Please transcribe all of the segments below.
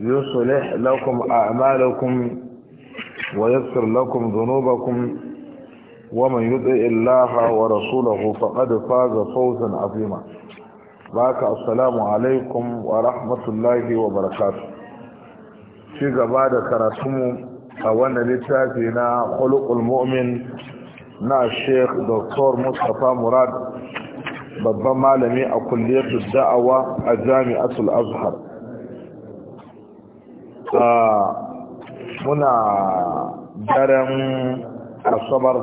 يصلح لكم أعمالكم ويغفر لكم ذنوبكم ومن يدعي الله ورسوله فقد فاز فوزا عظيما باك السلام عليكم ورحمة الله وبركاته في قبادة كراتم أولا لتاتينا خلق المؤمن نا الشيخ دكتور مصطفى مراد ببما لمئة كلية الدعوة الجامعة الأزهر muna daren asabar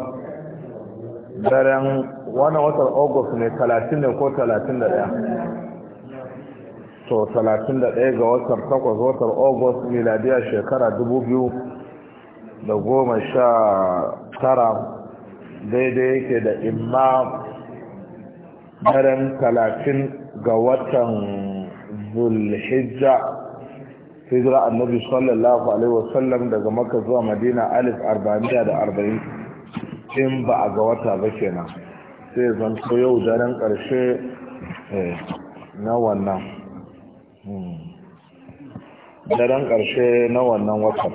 daren wani watan august ne 30 ko 31 so 31 ga watan 8 watan august miladiya shekara da goma sha tara daidai yake da imma daren 30 ga watan zulhijja hijira annabi sallallahu alaihi wasallam daga maka zuwa madina alif arba'amiya da arba'in in ba a ga wata ba kenan sai zan so yau daren karshe eh, na wannan hmm. daren karshe na wannan watan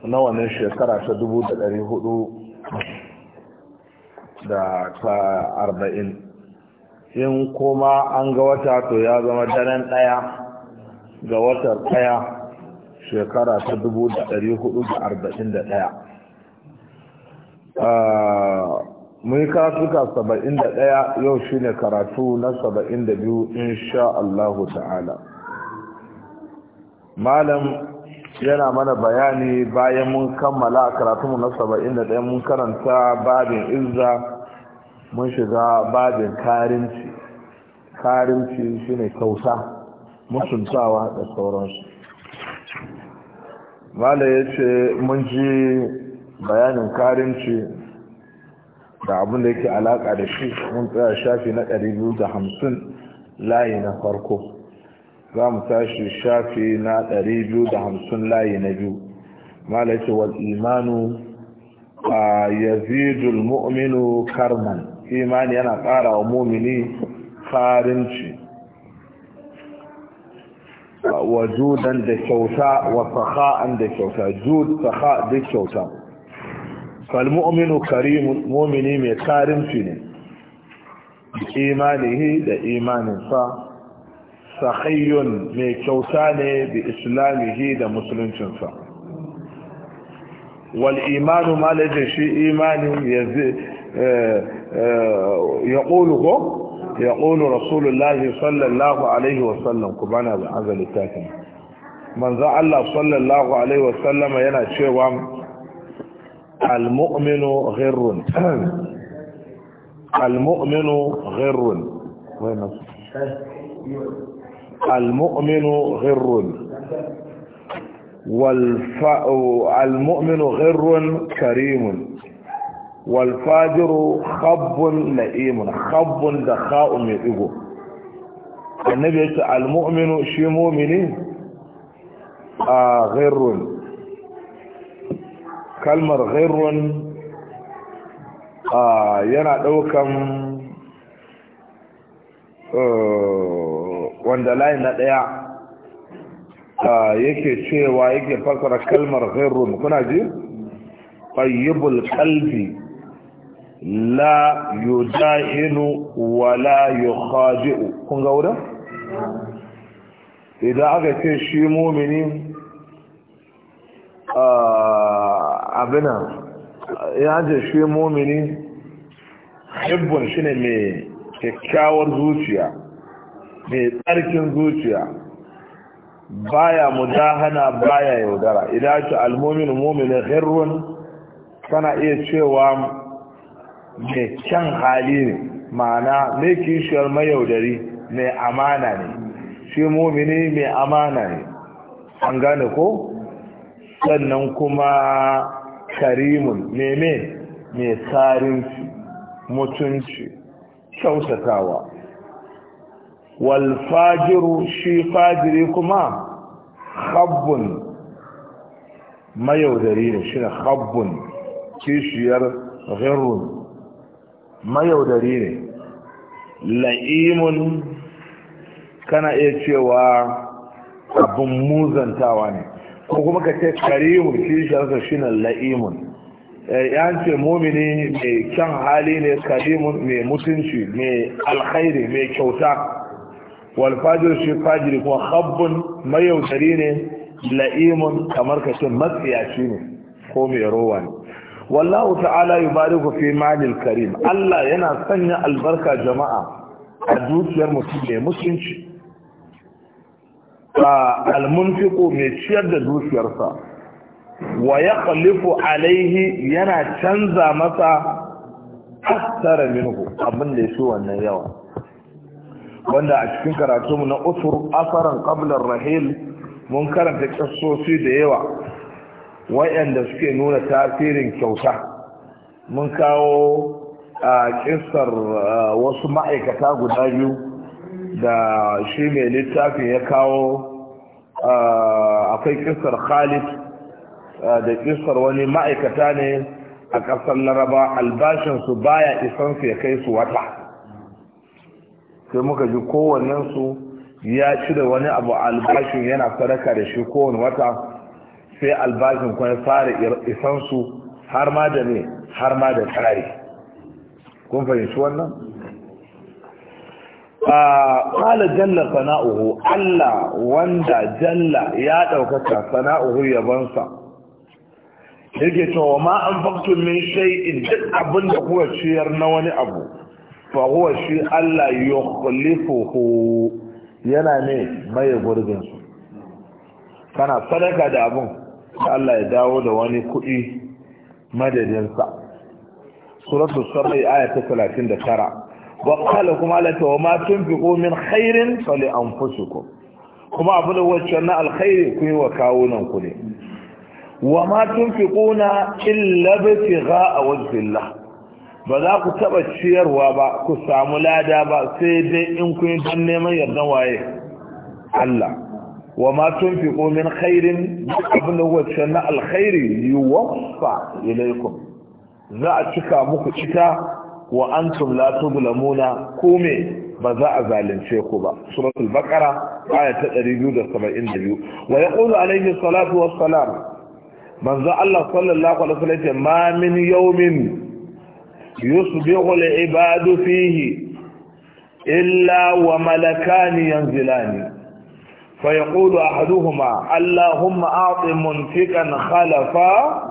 na wannan shekara ta dubu da dari hudu da ta arba'in in kuma an ga wata to ya zama daren daya ga watan ɗaya shekara ta 1441 ah, mun yi karatuka 71 yau shine karatu na 72 insha Allahu ta'ala malam yana mana bayani bayan mun kammala karatunmu na 71 mun karanta babin izza mun shiga babin karinci karinci shi ne mutuntawa da sauransu mala ya ce mun ji bayanin karinci da abin da yake alaka da shi mun tsaya shafi na 250 layi na farko za mu tashi shafi na 250 layi na biyu mala ya ce wal imanu a yazidul mu'minu karman imani yana ƙara wa mumini karinci wa juda da kyauta wa sakha'an da kyauta jud sakha da kyauta fal karimu karimun mu'mini mai karimci ne imanihi da imaninsa sakhiyun mai kyauta ne bi islamihi da musuluncinsa wal imanu malaje shi imani ya ya ko يقول رسول الله صلى الله عليه وسلم كبانا هذا لتاكم من ذا الله صلى الله عليه وسلم ينا شوام المؤمن غر المؤمن غر المؤمن غر والف... المؤمن غر كريم walfajiru khabbun na'imun khabbun da kha'u mai digo annabi yace almu'minu shi mu'mini a ghairun kalmar ghairun yana ɗaukar wanda layi na ɗaya yake cewa yake fasara kalmar ghairun kuna ji tayyibul qalbi la yuda'inu wa la yukhadi'u kun ga idan aka ce shi mumini abina ya ce shi mumini hibbun shine mai kyakkyawar zuciya mai tsarkin zuciya baya mudahana baya yaudara idan ake almomin mumini hirrun kana iya cewa mai can hali ne ma'ana mai kishiyar mayaudari mai amana ne shi mumini mai amana ne an gane ko sannan kuma karimun meme mai tsarinci mutunci kyautatawa walfajiru shi fajiri kuma habbun mayaudari ne shi ne habbun kishiyar ghirun mayaudari ne la'imun kana iya cewa abin muzantawa ne ko kuma ka ce karimu shi sharsa shi na la'imun eh, ya ce momini mai kyan hali ne Karimu mai mutunci mai alkhairi mai kyauta walfajir shi fajiri kuma habbin mayaudari ne la'imun kamar ka ce matsiyaci ne ko mai rowa ne wallahu ta'ala yubariku fi malil karim Allah yana sanya albarka jama'a a dukiyar mutum mai mutunci ba almunfiqu mai ciyar da dukiyarsa wa yaqlifu alaihi yana canza masa hasara minhu abin da yake wannan yawa wanda a cikin karatu mu na usur asaran qabla rahil mun karanta kissosi da yawa waɗanda suke nuna tasirin kyauta mun kawo a kisar wasu ma'aikata guda biyu da shi mai littafin ya kawo akwai kisar khalid da kisar wani ma'aikata ne a ƙasar laraba albashinsu baya isansu ya kai su wata sai muka ji kowannensu ya ci da wani abu albashin yana sadaka da shi kowane wata sai albashin kuma fara isan su har ma da ne har ma da tsari kun fahimci wannan Kala jalla sana'uhu Allah wanda jalla ya ɗaukaka sana'uhu yabansa yake cewa ma an faktun min shay'in duk abin da kuwa ciyar na wani abu fa huwa shi Allah yukhlifuhu yana ne mai gurbin su kana sadaka da abun Allah ya dawo da wani kuɗi madadinsa suratul sabai aya ta 39 wa qala kuma la ta ma tunfiqu min khairin fali anfusikum kuma abu da wacce na alkhairi ku yi wa kawunanku ku ne wa ma tunfiquna illa bigha wajhillah ba za ku taɓa ciyarwa ba ku samu lada ba sai dai in kun don neman yardan waye Allah وما تنفقوا من خير ابن وجهنا الخير يوفى إليكم ذاتك مكتك وأنتم لا تظلمون كومي بذاء ذالين شيخوبا سورة البقرة آية الريجودة سبعين دبيو ويقول عليه الصلاة والسلام من ذا الله صلى الله عليه وسلم ما من يوم يصبغ العباد فيه إلا وملكان ينزلان فيقول أحدهما اللهم أعط منفقا خلفا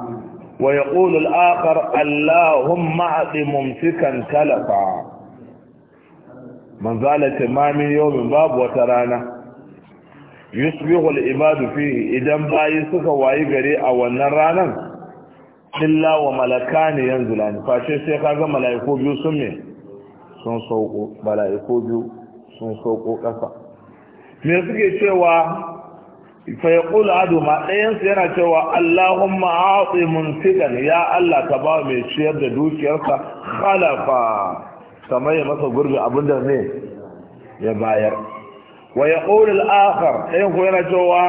ويقول الآخر اللهم أعط ممسكا تلفا من زالت ما من يوم باب وترانا يصبح العباد فيه إذا باي سكا واي غري أو النرانا إلا وملكان ينزلان فاشي سيكا ملائكو بيو سمي سن سوقو ملائكو بيو سن سوقو كفا me suke cewa fayaqul aduma ɗayansu yana cewa Allahumma aati munfiqan ya Allah ka ba mai ciyar da dukiyarsa khalafa kamar ya masa gurbi da ne ya bayar wa ya al-akhar ɗayan ko yana cewa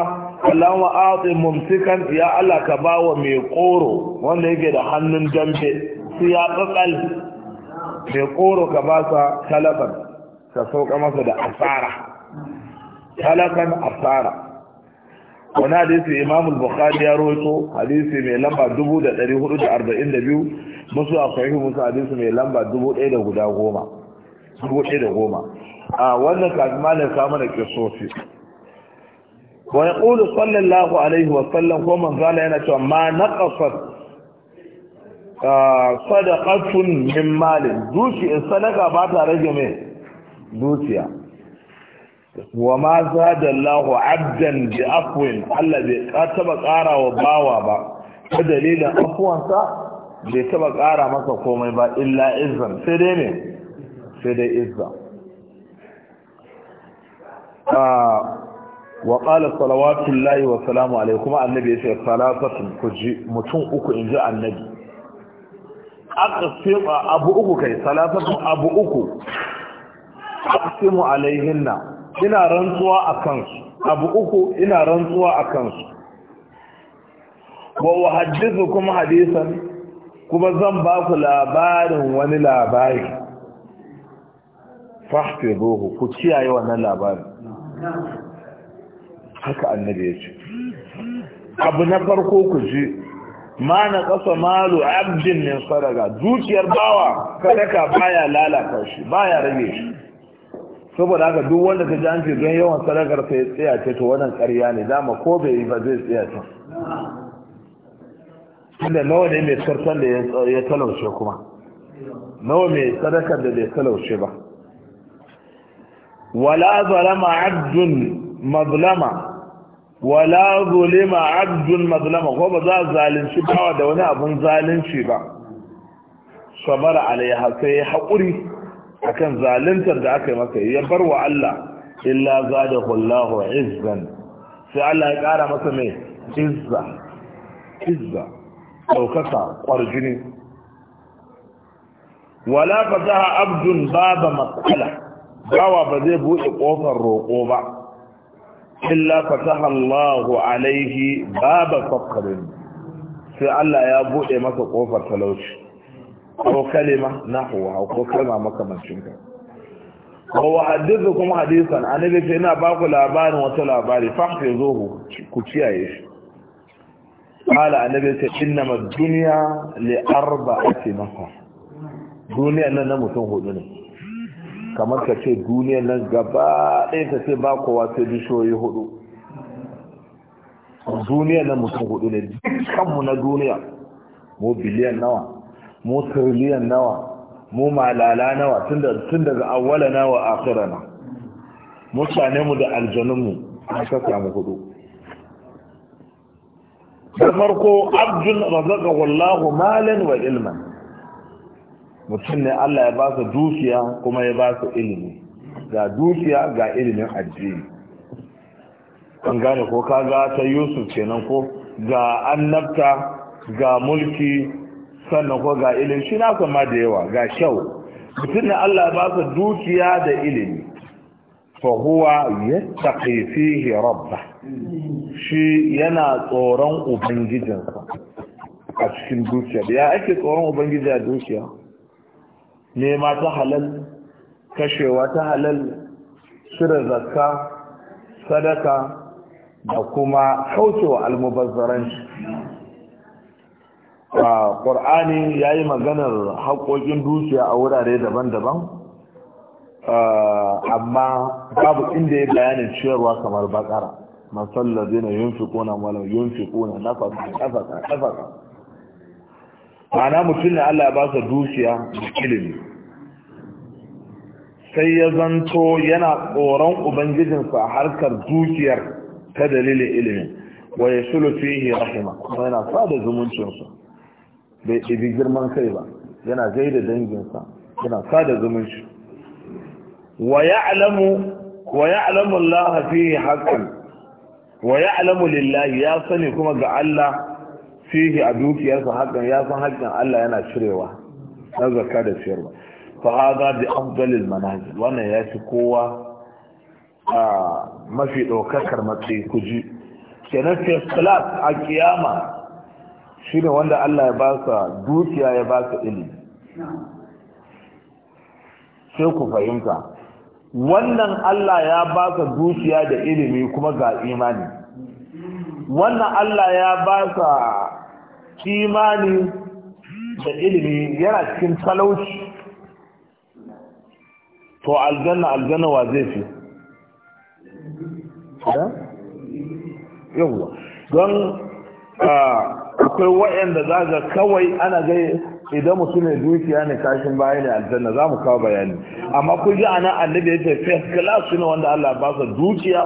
Allahumma aati mumsikan ya Allah ka ba wa mai ƙoro wanda yake da hannun dambe su ya tsatsal mai ƙoro ka ba sa ka sauka masa da asara talakan asara wani hadisi imam al-bukhari ya roto hadisi mai lamba 1442 musu a sahihu musu hadisi mai lamba 1010 a wannan kazma ne samu da kisofi Wani ƙudu sallallahu alaihi wa sallam ko man zala yana cewa ma naqasat sadaqatun min malin dukiya, in sadaka ba ta rage mai dukiya wa ma zada Allahu abdan bi afwin Allah bai taba ƙara wa bawa ba ta dalilin afwansa bai taba ƙara masa komai ba illa izzan sai dai ne sai dai izza ah, wa qala salawatullahi wa salamu alaihi, kuma annabi ya ce salatu kuji mutum uku inji annabi aqsimu abu uku kai salatu abu uku aqsimu alaihinna ina rantsuwa a kansu abu uku ina rantsuwa a kansu wa wahaddisu kuma hadisan kuma zan ba ku labarin wani labari fahfi ruhu ku kiyaye wannan labarin haka annabi ya ce abu na farko ku ji ma na kasa malu abdin min sadaka zuciyar bawa ka baya lalata shi baya rage shi saboda haka duk wanda ka ji an ce don yawan sadakar sai tsaya ce to wannan ƙarya ne dama ko bai yi ba zai tsaya ce tunda nawa ne mai sarkar da ya talaushe kuma nawa mai sadakar da bai talaushe ba wala zalama abdun mazlama wala zulima abdun mazlama ko ba za a zalunci bawa da wani abun zalunci ba sabara alaiha sai haƙuri akan zaluntar da aka yi masa ya bar wa Allah illa zadahu Allah izzan sai Allah ya kara masa mai izza izza daukaka kwarjini wala fataha abdun baba matsala bawa ba zai buɗe ƙofar roƙo ba illa fataha Allah alaihi baba fakarin sai Allah ya buɗe masa ƙofar talauci ko kalima nahwa ko kalma makamancin ka ko wa hadithu kuma hadithan annabi sai ina ba ku labarin wata labari fahfizuhu ku kiyaye shi qala annabi sai inna ma dunya li arba'ati nafar duniya nan na mutum hudu ne kamar ka ce duniya nan gaba ɗaya ka ce ba kowa sai bishiyoyi hudu duniya nan mutum hudu ne dukkanmu na duniya mu biliyan nawa mu tiriliyan nawa mu malala nawa tun daga awwala nawa akhirana mutane mu da aljanunmu an saka mu hudu da farko abdun razaka wallahu malan wa ilman mutum ne Allah ya ba su dukiya kuma ya ba su ilimi ga dukiya ga ilimin addini an gane ko kaga ta yusuf kenan ko ga annabta ga mulki sannan ko ga ilimi shi na kuma da yawa ga kyau mutum da Allah ba su dukiya da ilimi fa huwa yattaqi fihi rabba shi yana tsoron ubangijinsa a cikin dukiya ya ake tsoron ubangiji a dukiya nema ta halal kashewa ta halal shirin zakka sadaka da kuma kaucewa almubazzaranci ƙur'ani ya yi maganar haƙoƙin dukiya a wurare daban-daban amma babu inda ya bayanin ciyarwa kamar bakara masallazi na yin fiƙona malam yin na nafaka nafaka nafaka na mutum ne allah ya ba su dukiya da ilimi sai ya zanto yana tsoron ubangijinsa a harkar dukiyar ta dalilin ilimin wa ya sulu rahima kuma yana sa da zumuncinsa bai ɗibi girman kai ba yana gaida danginsa yana sada zumunci wa ya'lamu wa ya'lamu Allah fihi haqqan wa alamu lillahi ya sani kuma ga Allah fiye a dukiyarsa hakan? ya san haƙƙin Allah yana cirewa na zarka da ciyarwa fa hada bi afdalil manazil wannan ya fi kowa a mafi ɗaukakar matsayi kuji kenan fiye salat a kiyama shi ne wanda Allah ya ba sa dukiya ya ba sa ilimi sai ku fahimta wannan Allah ya ba sa dukiya da ilimi kuma ga imani wannan Allah ya ba sa imani da ilimi yana cikin talauci to aljanna aljanna wa zai fi yawwa don ah, akwai waɗanda za ga kawai ana ga idan mutum dukiya ne kashin baya ne aljanna za mu kawo bayani amma ku ji ana annabi ya ce first class ne wanda Allah ba sa dukiya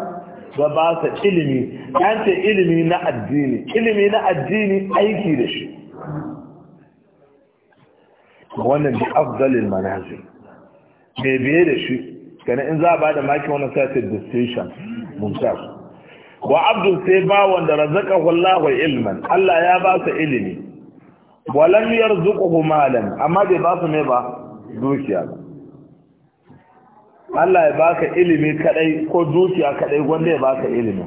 da ba sa ilimi an ce ilimi na addini ilimi na addini aiki da shi wannan bi afdalil manazil bai da shi kana in za ba da maki wannan sai distinction mumtaz wa abdu sai ba wanda razaka wallahu ilman Allah ya ba su ilimi wa lam yarzuquhu malan amma bai ba su ne ba dukiya Allah ya baka ilimi kadai ko dukiya kadai wanda ya baka ilimi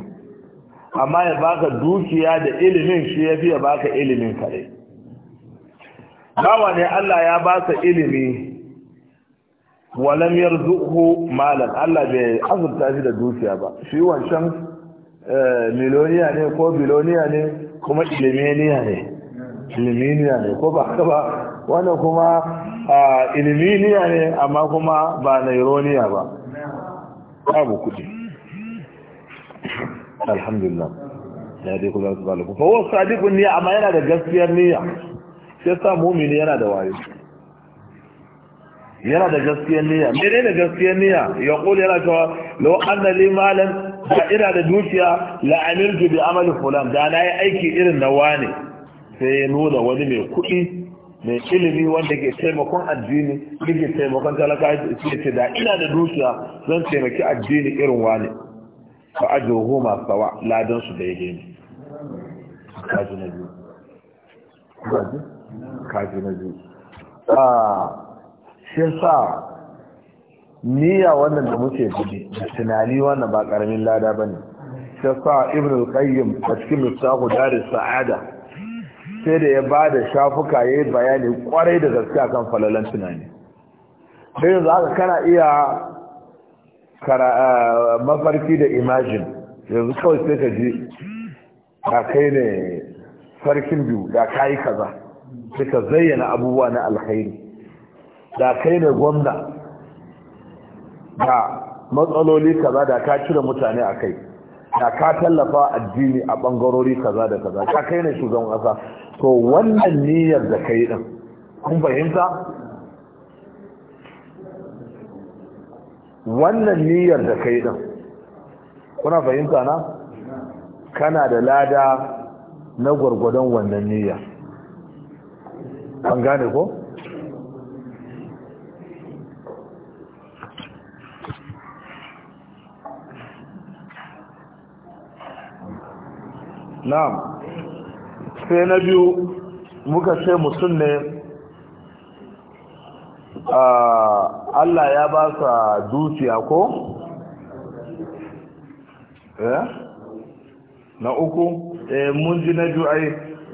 amma ya baka dukiya da ilimin shi ya fi ya baka ilimin kadai bawa ne Allah ya ba sa ilimi lam yarzuquhu malan Allah bai azurta shi da dukiya ba shi wancan Eh, miloniya ne ko biloniya ne kuma ilimeniya ne ilimeniya ne ko ba haka ba wannan kuma ilimeniya ne amma kuma ba naironiya ba babu kudi alhamdulillah ya dai kula su balaku fa wasu sadikun niyya amma yana da gaskiyar niyya sai sa mumini yana da wayo yana da gaskiyar niyya menene gaskiyar niyya ya kula yana cewa lo anna li malan da ina da dukiya la'amiltu bi amali fulan da na yi aiki irin na wane sai ya nuna wani mai kuɗi mai ilimi wanda ke taimakon addini yake taimakon talaka ce da ina da dukiya zan taimaki addini irin wane fa ajruhu ma sawa ladan su da yake ne kaji na biyu kaji na biyu ah shi sa niyya wannan da muke gudu da tunani wannan ba karamin lada ba ne ta sa ibn al-qayyim a cikin lissafu dare sa'ada sai da ya ba da shafuka ya yi bayani kwarai da gaske kan falalan tunani sai yanzu haka kana iya mafarki da imajin yanzu kawai sai ka ji da kai ne sarkin biyu da ka yi kaza sai ka zayyana abubuwa na alkhairi da kai ne gwamna da matsaloli kaza da ka cire mutane a kai da ka tallafa addini a bangarori kaza da kaza ka kai ne shugaban kasa. to wannan niyyar da kai din kun fahimta wannan niyyar da kai din kuna fahimta na kana da lada na gwargwadon wannan niyyar an gane ko? na'am sai na biyu muka ce mutum ne Allah ya ba sa dukiya ko? Eh? na uku eh, mun ji na biyu ai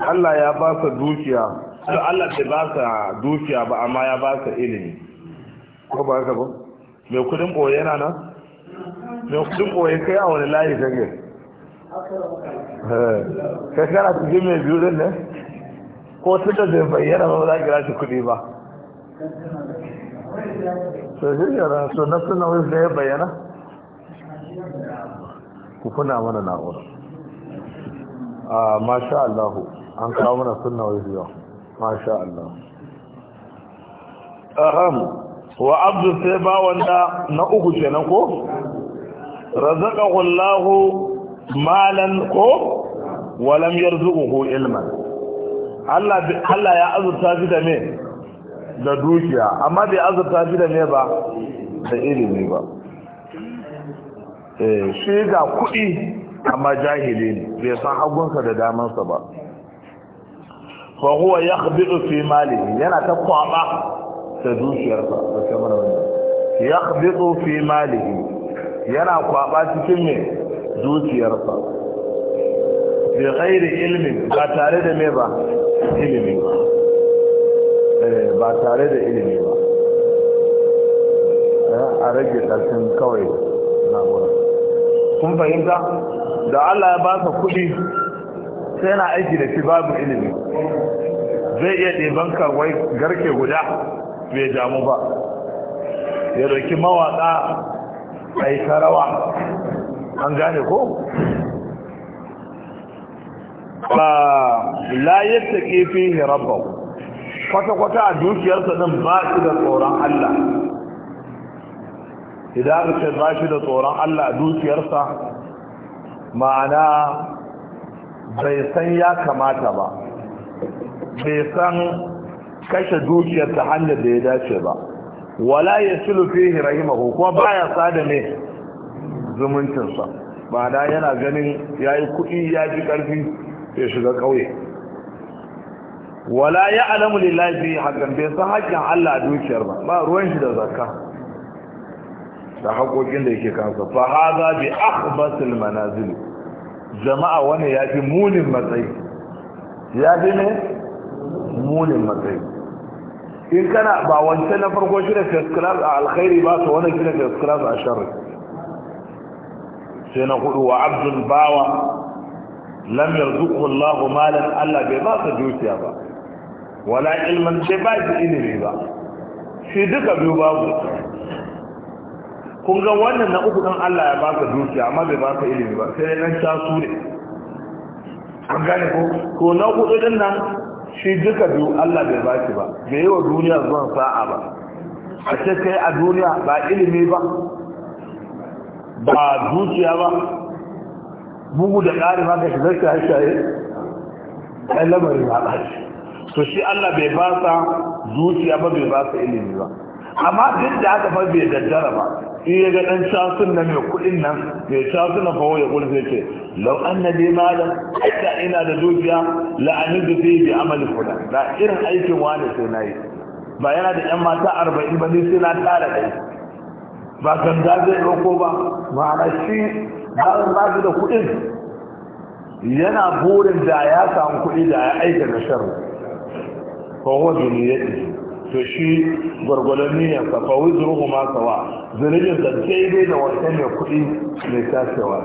Allah ya ba sa dukiya Allah bai ba sa dukiya ba amma ya ba sa ilimi ko ba ka ba mai kudin ɓoye yana nan? mai kudin ɓoye kai a wani layi kage Eh, kai kana cikin mai biyu din ne? ko suka zai bayyana ba za kira shi kuɗi ba so shi yara so na suna wani zai bayyana ku kuna mana na'ura a ah, masha Allah an kawo mana suna wani yau masha Allah aham wa abdu sai ba wanda na uku na ko Razaka wallahu. malan ko walam yarzuquhu ilman Allah Allah ya azurta shi da me da dukiya amma bai azurta shi da me ba da ilimi ba eh shi ga kuɗi amma jahili ne bai san hagunsa da damansa ba fa huwa yakhbi'u fi malihi yana ta kwaba da dukiyarsa da kamar wannan yakhbi'u fi malihi yana kwaba cikin me zuciyarsa bi ghairi ilimin ba tare da me ba ilimi ba eh, ba tare da ilimi ba eh, a rage ƙarfin kawai na wura kun fahimta da Allah ya ba ka kuɗi sai na aiki da fi babu ilimi zai iya ɗeban karwai garke guda bai damu ba ya ɗauki mawaƙa a yi rawa an gane ko ba la yattaqi fihi rabba. kwata-kwata a dukiyarsa nan ba shi da tsoron Allah idan ce ba shi da tsoron Allah a dukiyarsa ma'ana bai san ya kamata ba bai san kashe dukiyar ta hanyar da ya dace ba wala ya silu fihi rahimahu kuma baya sada ne zumuncinsa ba da yana ganin ya yi kuɗi ya ji ƙarfi ya shiga ƙauye wala ya alamu lillahi hakan bai san haƙƙin Allah a dukiyar ba ba ruwan shi da zakka da haƙoƙin da yake kansa fa haza bi akhbasil manazil jama'a wani ya fi munin matsayi ya fi ne munin matsayi in kana ba wancan na farko shi da first class a alkhairi ba to wani shi da first class a sharri sai na hudu wa abdul bawa lam yarzuqhu Allahu malan Allah bai ba sa dukiya ba wala ilman sai ba shi ilimi ba shi duka biyu babu kun ga wannan na uku dan Allah ya baka dukiya amma bai baka ilimi ba sai nan ta su ne an gane ko ko na hudu din nan shi duka biyu Allah bai baki ba bai yi wa duniya zuwan sa'a ba a ce kai a duniya ba ilimi ba ba zuciya ba bugu da ƙari ma ka shigar ka shaye ɗan lamarin ya to shi Allah bai ba sa zuciya ba bai ba sa ilimi ba amma duk da aka fa bai daddara ba in ya ga ɗan casun na mai kuɗin nan mai casun na fawo ya zai ce lau an na nema da aika ina da zuciya. la'anin da zai bi amali kuɗa da irin aikin wani sai na yi ba yana da 'yan mata arba'in ba ne sai na ƙara ɗaya ba ganga zai roko ba ma'ana shi bayan ba shi da kuɗin yana burin da ya samu kuɗi da ya aika na sharu ko wajen ya ɗi to shi gwargwadon niyyar ka fa wuzuru kuma sawa zunubin da daidai da wancan mai kuɗi mai tashewa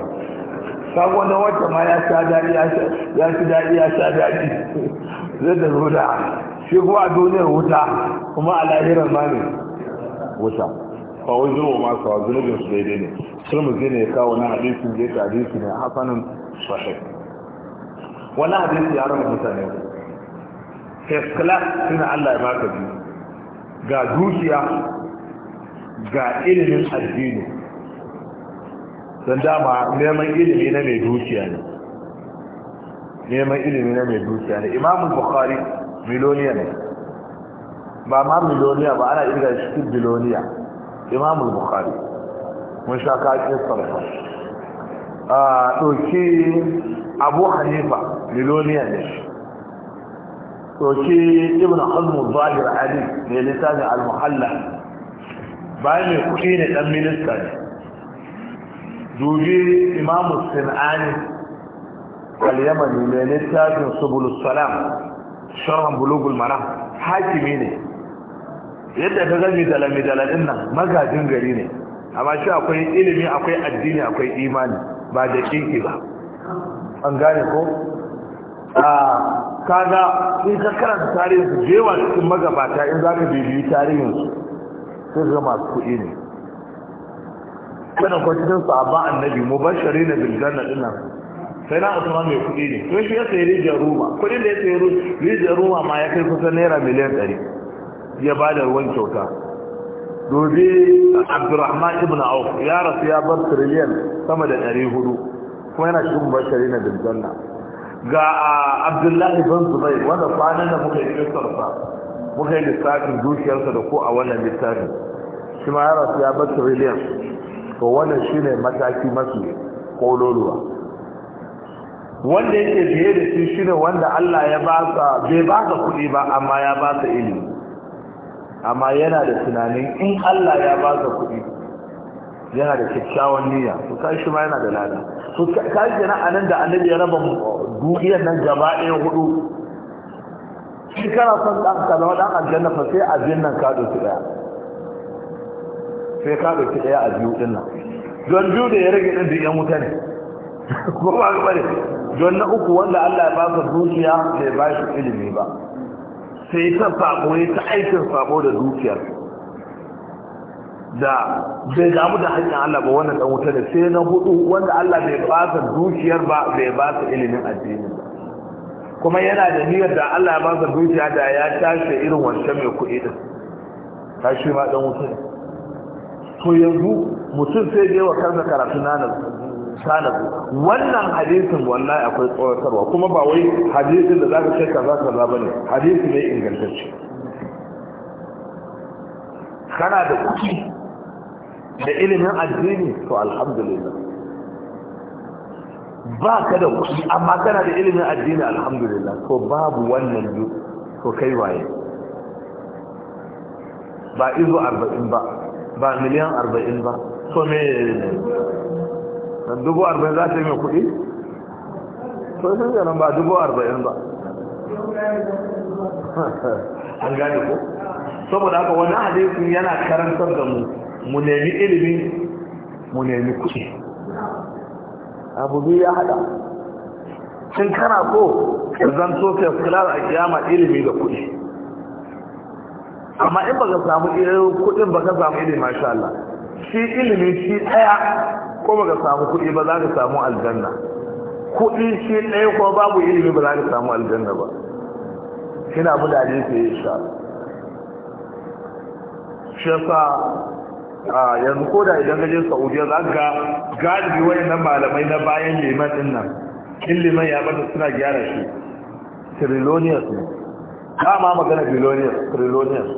sabo da wata ma ya sha daɗi ya sha daɗi ya sha daɗi zai da zuda shi kuma duniyar wuta kuma a lahirar ma ne wuta ba wai zuwa ma su wa zunubin su daidai ne turmuzi ne ya kawo na hadisin da ya ta hadisi ne hasanin sahih wannan hadisi ya rama mutane first class suna Allah ya baka biyu ga dukiya ga ilimin addini don dama neman ilimi na mai dukiya ne neman ilimi na mai dukiya ne imamun bukhari miloniya ne ba ma miloniya ba ana irga shi biloniya imam al-bukhari mun sha ka kissar a doki abu hanifa liloniya ne doki ibn hazm zahir ali ne littafin al-muhalla bayan mai kuɗi ne dan minista ne dubi imam sinani al-yamani ne littafin subul salam sharhan bulugul maram hakimi ne yadda ka gami dala-midala ɗin nan magajin gari ne amma shi akwai ilimi akwai addini akwai imani ba da kinki ba an gane ko a kaga in ka karanta tarihinsu jewa cikin magabata in za ka bibiyi tarihinsu su ga masu kuɗi ne sanin kwacikin sahabban annabi mu bashari na bilgan na ɗinan sai na asuma mai kuɗi ne to shi ya sayi rijiyar ruma kuɗin da ya sayi rijiyar ruma ma ya kai kusan naira miliyan ɗari ya ba da ruwan kyauta dobe abdurrahman ibn auf ya rasu ya bar trillion sama da 400 kuma yana cikin bashari na dindanna ga abdullahi ibn zubair wanda kwanan da muka yi kisarsa muka yi lissafin dukiyarsa da ko a wannan littafin shi ma ya rasu ya bar trillion to wannan shine mataki mafi kololuwa wanda yake biye da shi shine wanda Allah ya ba sa bai ba sa kuɗi ba amma ya ba sa ilimi amma yana da tunanin in Allah ya ba ka kuɗi yana da kyakkyawan niyya to kai shi ma yana da lada to kai nan anan da annabi ya raba dukiyar nan gaba ɗaya hudu shi kana son dan ka zama dan aljanna fa sai a jinnan ka dauki daya sai ka dauki daya a biyu din nan don biyu da ya rage din da ya muta ne ko ba ga bare don na uku wanda Allah ya ba ka dukiya bai ba shi ilimi ba sai ta sabo ya ta aikin sabo da dukiyar da bai damu da hanyar Allah ba wannan dan wuta da sai na hudu wanda Allah bai ba sa dukiyar ba bai ba sa ilimin addini kuma yana da niyyar da Allah ya ba sa dukiya da ya tashi irin wancan mai kuɗi din tashi ma dan wuta ne to yanzu mutum sai da wa karanta karatu na nan salahu wannan hadisin wallahi akwai tsawatarwa kuma ba wai hadisin da zaka shakka za ka zaba ne hadisi ne ingantacce kana da kuɗi da ilimin addini to alhamdulillah ba ka da kuɗi amma kana da ilimin addini alhamdulillah to babu wannan biyu to kai waye ba izo arba'in ba ba miliyan arba'in ba to ne me dubu arba'in za ta yi mai kuɗi? to sun yi ba dubu arba'in ba an gane ko? saboda haka wani hadisi yana karantar da mu mu nemi ilimi mu nemi kuɗi abu biyu ya haɗa cin kana ko zan so ka filar a kiyama ilimi da kuɗi amma in baka samu kuɗin baka samu ilimi masha Allah shi ilimi shi ɗaya ko ba ka samu kuɗi ba za ka samu aljanna kuɗi shi ɗaya ko babu ilimi ba za ka samu aljanna ba shi na abu da hadisi yi sha shi yasa yanzu ko da idan gajen saudiya za ga galibi wayannan malamai na bayan liman din nan in liman ya bata suna gyara shi trilonius ne ba ma magana bilonius trilonius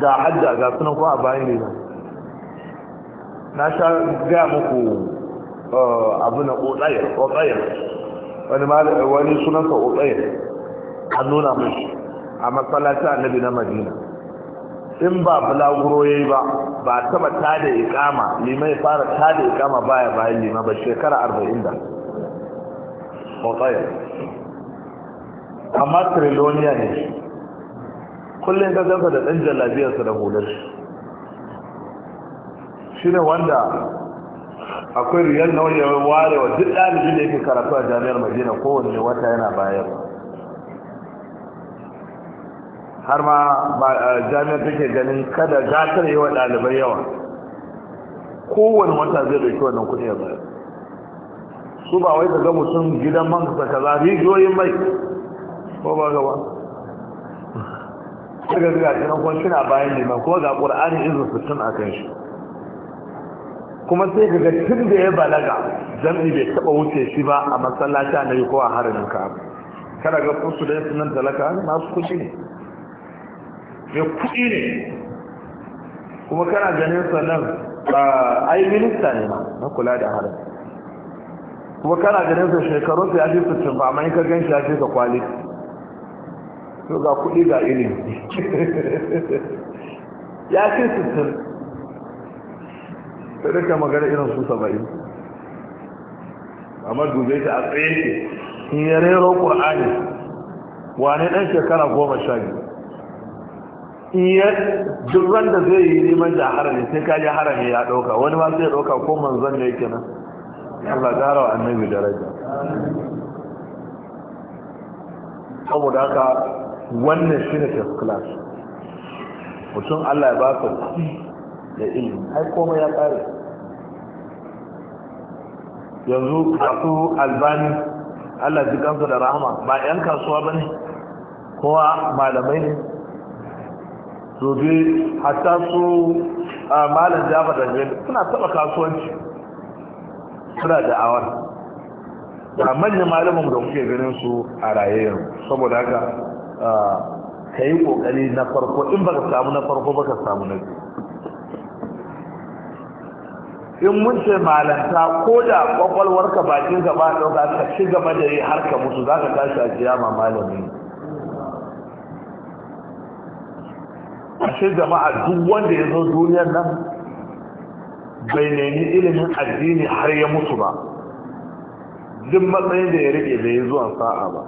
da hajja ga sunan kuma a bayan liman na sha ga muku eh, abu na otsayar wani wani sunansa otsayar a nuna mashi a matsalata annabi na madina in ba bulaguro ya yi ba ba taba ta da ikama limai fara ta da ikama baya bayan lima ba shekara arba'in da otsayar amma trilonia ne kullum ka gafa da ɗan jallabiyarsa da hular shi shi ne wanda akwai riyar na ya ware wa duk ɗalibin da yake karatu a jami'ar madina kowanne wata yana bayar har ma jami'ar take ganin kada gatar yi wa ɗalibai yawa kowane wata zai ɗauki wannan kuɗi ya bayar su ba wai ga mutum gidan man kasa kaza rijiyoyin mai ko ba gaba daga ga shi nan kuma na bayan neman kuma ga ƙur'ani izin sittin a kan shi kuma sai ga tun da ya balaga zambi bai taba wuce shi ba a masallaci yi ko a harin ka kada ga kusu da sunan talaka masu kuɗi ne mai kuɗi ne kuma kana ganin sannan ai minista ne ma na kula da harin kuma kana ganin sa shekarun sa ya fi sittin ba amma in ka gan shi ya fi ka kwali to ga kuɗi ga ilimi ya fi sittin sai da ka magana irin su saba'in amma dube ta a tsaye ke in ya rero ƙwa'ani wane ɗan shekara goma sha biyu in ya duk da zai yi neman da harami sai ka ji harami ya ɗauka wani ma zai ɗauka ko manzan ne yake nan Allah gara wa annabi daraja saboda haka wannan shi ne first class mutum Allah ya ba ka da ilimi ai komai ya ƙare yanzu kasu albani allah ji kansu da rahama ba 'yan kasuwa ba ne kowa malamai ne zobe hatta su malam jaba da jini suna taba kasuwanci suna da awar da manyan malamin da kuke ganin su a rayayyar saboda haka ka yi kokari na farko in baka ka samu na farko ba samu na biyu in mun ce malanta ko da kwakwalwarka bakin ka ba ɗauka ka ci gaba da yi har ka mutu za ka tashi a kiyama malami ce jama'a duk wanda ya zo duniyar nan bai nemi ilimin addini har ya mutu ba duk matsayin da ya rike bai yi zuwan sa'a ba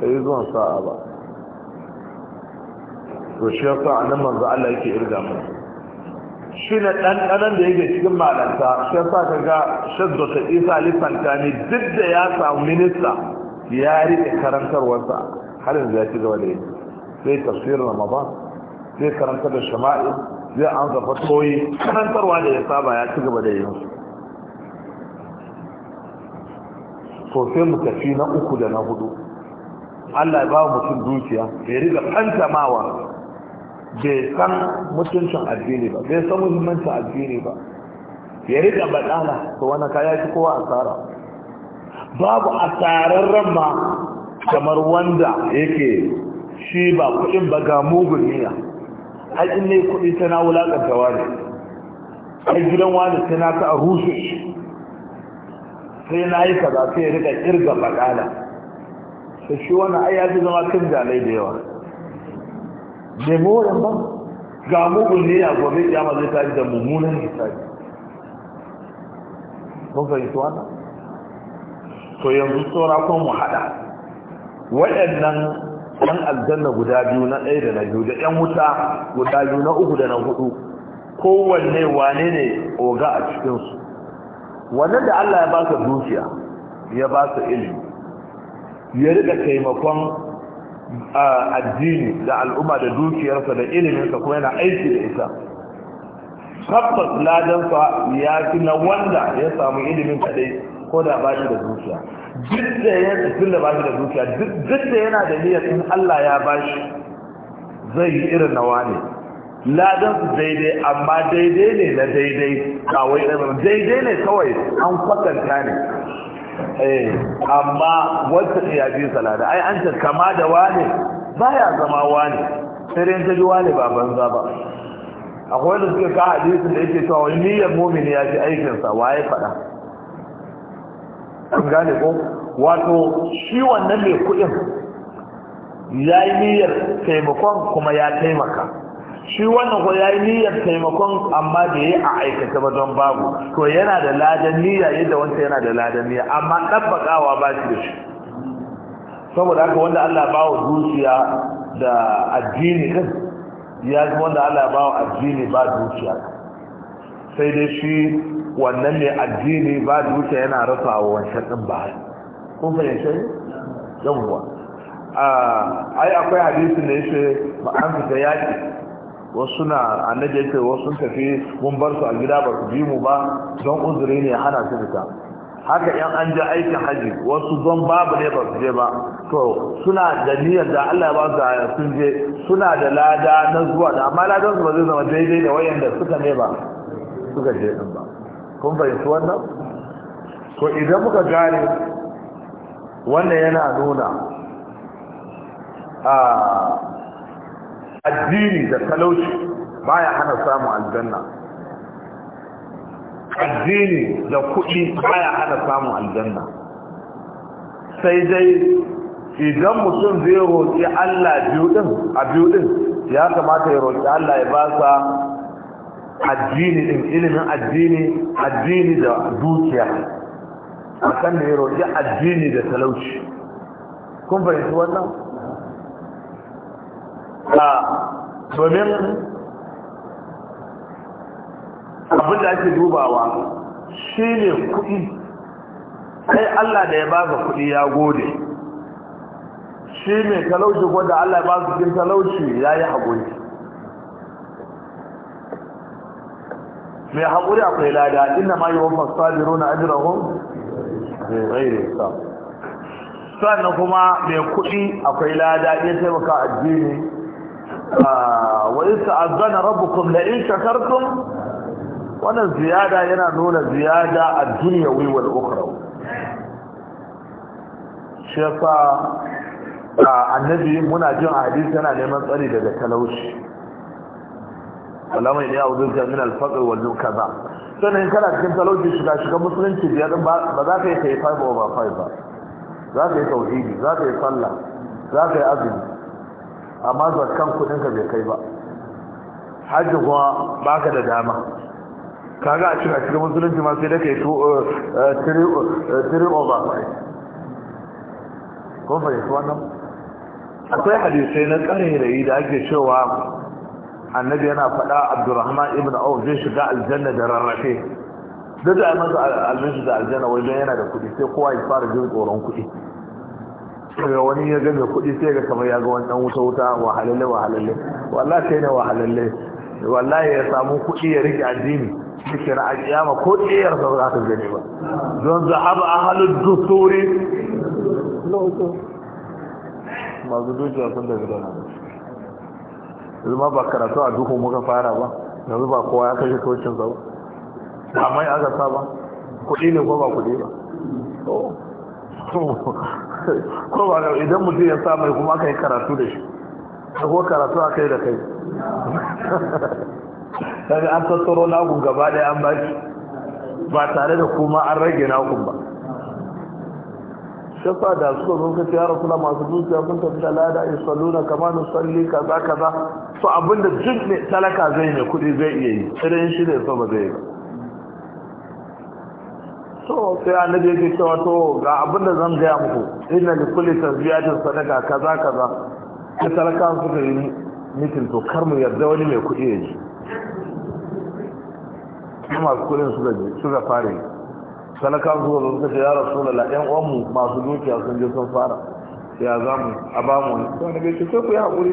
ka yi zuwan sa'a ba to shi yasa nan manzo Allah yake irga mana shi ne ɗanɗanan da yake cikin malanta shi sa ka ga shadda ta isa lifanta ne duk da ya samu minista ya riƙe karantarwarsa har yanzu ya ci gaba da yi sai tafsirin ramadan sai karantar da shama'il zai an zafa toyi karantarwa da ya saba ya ci gaba da yi su sai mu tafi na uku da na hudu Allah ya ba mutum dukiya ya riga fantamawa bai san mutuncin addini ba bai san muhimmancin addini ba ya rika badala to wani kaya shi kowa asara babu asararren ramma kamar wanda yake shi ba kuɗin ba ga mugun niyya ai in ne kudi ta na wulakanta wani ai gidan wani ta na ta rushe sai na yi kaza sai ya rika kirga badala sai shi wani ai ya fi zama kan jalai da yawa bai moran ba ga mugun ne ya gobe kiyama zai tashi da mummunan hisabi mun fahimci wannan to yanzu saura ko mu hada waɗannan ɗan aljanna guda biyu na ɗaya da na biyu da ɗan wuta guda biyu na uku da na hudu kowanne wane ne oga a cikinsu wannan da Allah ya ba ka dukiya ya ba ka ilimi ya riga taimakon addini da al'umma da dukiyarsa da iliminsa kuma yana aiki da ita tabbas ladansa ya fi na wanda ya samu ilimin kadai ko da ba shi da dukiya duk ya tafi da ba shi da dukiya duk yana da niyyar in Allah ya ba shi zai yi irin nawa ne su daidai amma daidai ne na daidai ba wai daidai ne kawai an kwatanta ne Eh, amma wata ya fi salada ai an ce kama da wane baya zama wani sai dai ta ji wani ba banza ba akwai da suke ka hadisi da yake cewa ni ya mumin ya fi aikinsa waye faɗa an gane ko wato shi wannan mai kuɗin ya yi niyyar taimakon kuma ya taimaka shi wannan ko yayi niyyar taimakon amma da yayi a aikata ba don babu to yana da ladan niyya yadda wanda yana da ladan niyya amma dabbakawa ba shi da shi saboda haka wanda Allah ya bawa dukiya da addini din ya ga wanda Allah ya bawa addini ba dukiya sai dai shi wannan ne addini ba dukiya yana rasa wa wancan din ba kun fahimce yawwa ah, ai akwai hadisin da yake ba an fita yaki wasu na annabi yake wasu tafi mun bar su a gida ba su bi mu ba don uzuri ne hana su fita haka yan an ji aikin haji wasu don babu ne ba su je ba to suna da niyyar da Allah ba su sun je suna da lada na zuwa da amma ladan su ba zai zama daidai da wayanda suka ne ba suka je din ba kun fahimci wannan to idan muka gane wannan yana nuna a ah, addini da talauci baya hana samun aljanna addini da kuɗi baya hana samun aljanna sai dai idan mutum zai roƙi Allah biyu a biyu ya kamata ya roƙi Allah ya ba sa addini ɗin, ilimin addini addini da dukiya akan da ya roƙi addini da talauci kun fahimci wannan a domin abin da ake dubawa shi ne kuɗi kai Allah da ya ba ka kuɗi ya gode shi ne talauci ko da Allah ya ba su cikin talauci ya yi haƙuri mai haƙuri akwai lada inda ma yi wafan sabiru na ajirahun zai raire sa sannan kuma mai kuɗi akwai lada ya taimaka addini wa isa azana rabbukum la in shakartum wannan ziyada yana nuna ziyada a dunyawi wiwal ukhra shi yasa annabi muna jin hadisi yana neman tsari daga talauci alamai ne a wajen jami'in alfaƙar wajen kaza sannan kana cikin talauci shiga shiga musulunci biyar ba za ka yi ka yi 5 over 5 ba za ka yi tauhidi za ka yi sallah za ka yi azumi amma zakkan kudinka bai kai ba hajji kuma baka da dama kaga a cikin a cikin musulunci ma sai da kai to tiri kuma bai su wannan akwai hadisai na ƙarerayi da ake cewa annabi yana faɗa abdurrahman ibn auf zai shiga aljanna da rarrafe duk da masa aljanna da aljanna wajen yana da kuɗi sai kowa ya fara jin tsoron kuɗi daga wani ya ga kudi sai ga kamar ya ga wani wuta wuta wuta wahalalle wahalalle wallahi sai ne wahalalle wallahi ya samu kudi ya rike addini cikin a kiyama ko tsayar sa za ta gani ba don zahaba ahalud dusuri masu dukiya sun da gudana ma ba karatu a duhu muka fara ba yanzu ba kowa ya kashe tocin zau ba mai aka sa ba kudi ne ko ba kudi ba ko ba ga idan mutum ya sa mai kuma aka yi karatu da shi ko karatu aka yi da kai daga an tattaro nagun gaba ɗaya an baki ba tare da kuma an rage nagun ba shafa da suka zo ka tiyara suna masu dukiya sun tafi da lada in na kama nu salli kaza kaza su abinda duk ne talaka zai ne kuɗi zai iya yi irin shi ne so zai yi to sai annabi yake cewa to ga abin da zan gaya muku inna li kulli tarbiyatin sadaka kaza kaza sai talakawa suka yi mitin to kar mu yarda wani mai kuɗi ya ji su masu kudin suka je suka fare talaka suka zo suka ce ya rasulullah ƴan uwanmu masu dukiya sun je sun fara ya za mu a ba mu wani wani bai ce sai ku yi haƙuri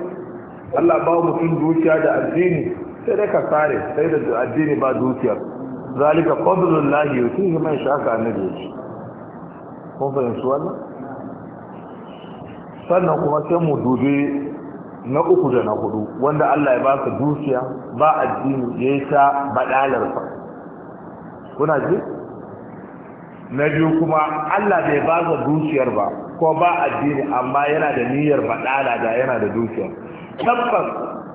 Allah ba mutum dukiya da addini sai dai ka fare sai da addini ba dukiyar zalika fadlul lahi yutihi man shaka annabi yace kun fahimci wannan sannan kuma sai mu dubi na uku da na hudu wanda Allah ya baka dukiya ba addini yayi ta badalar fa kuna ji na biyu kuma Allah bai baka dukiyar ba ko ba addini amma yana da niyyar badala da yana da dukiya. tabbas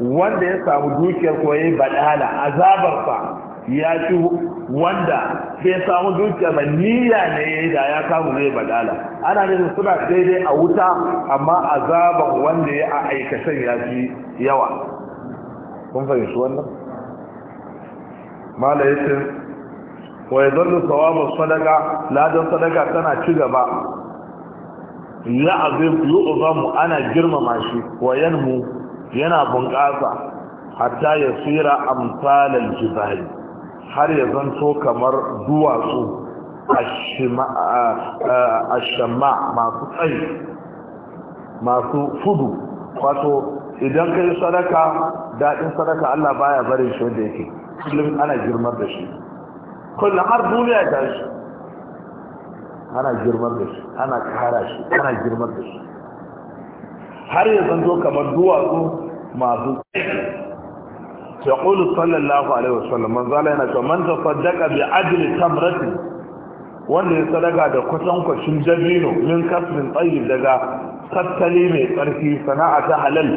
wanda ya samu dukiyar ko yayi badala azabar fa ya ci wanda bai samu dukiya ba niyya ne da ya samu zai badala ana nufin suna daidai a wuta amma azaban wanda ya a aikatan ya fi yawa kun fahimci wannan mala ce wa ya sawabin sadaka ladan sadaka tana ci gaba ya'azim yu'zamu ana girmama shi wa mu yana bunƙasa hatta yasira amsalal jibali har ya zanto kamar duwatsu a shamma masu tsayi masu fudu wato idan ka yi sadaka daɗin sadaka Allah baya barin shi wanda yake kullum ana girmar da shi kullum har duniya ta shi ana girmar da shi ana kara shi ana girmar da shi har ya zanto kamar duwatsu masu tsayi yaqulu sallallahu alaihi wasallam manzo Allah yana cewa man tasaddaqa bi ajli tamrati wanda ya sadaka da kwatan kwashin dabino min kasbin tayyib daga tattali mai tsarki sana'a ta halal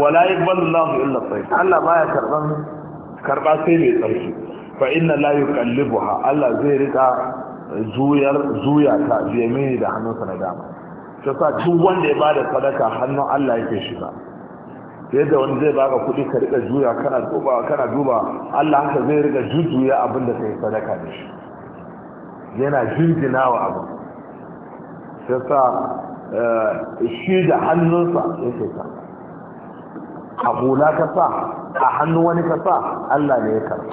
wala yaqbalu Allah illa tayyib Allah baya karban karba sai mai tsarki fa inna la yuqallibuha Allah zai rika zuyar zuya ta bi da hannunsa na dama sai duk wanda ya bada sadaka hannun Allah yake shiga yadda wani zai baka kuɗi ka riƙa juya kana duba kana duba Allah haka zai riƙa jujjuya abin da kai sadaka da shi yana jinjina wa abu sai sa eh, shi da hannunsa yake sa a hula ka sa a hannu wani ka sa Allah ne ya karɓa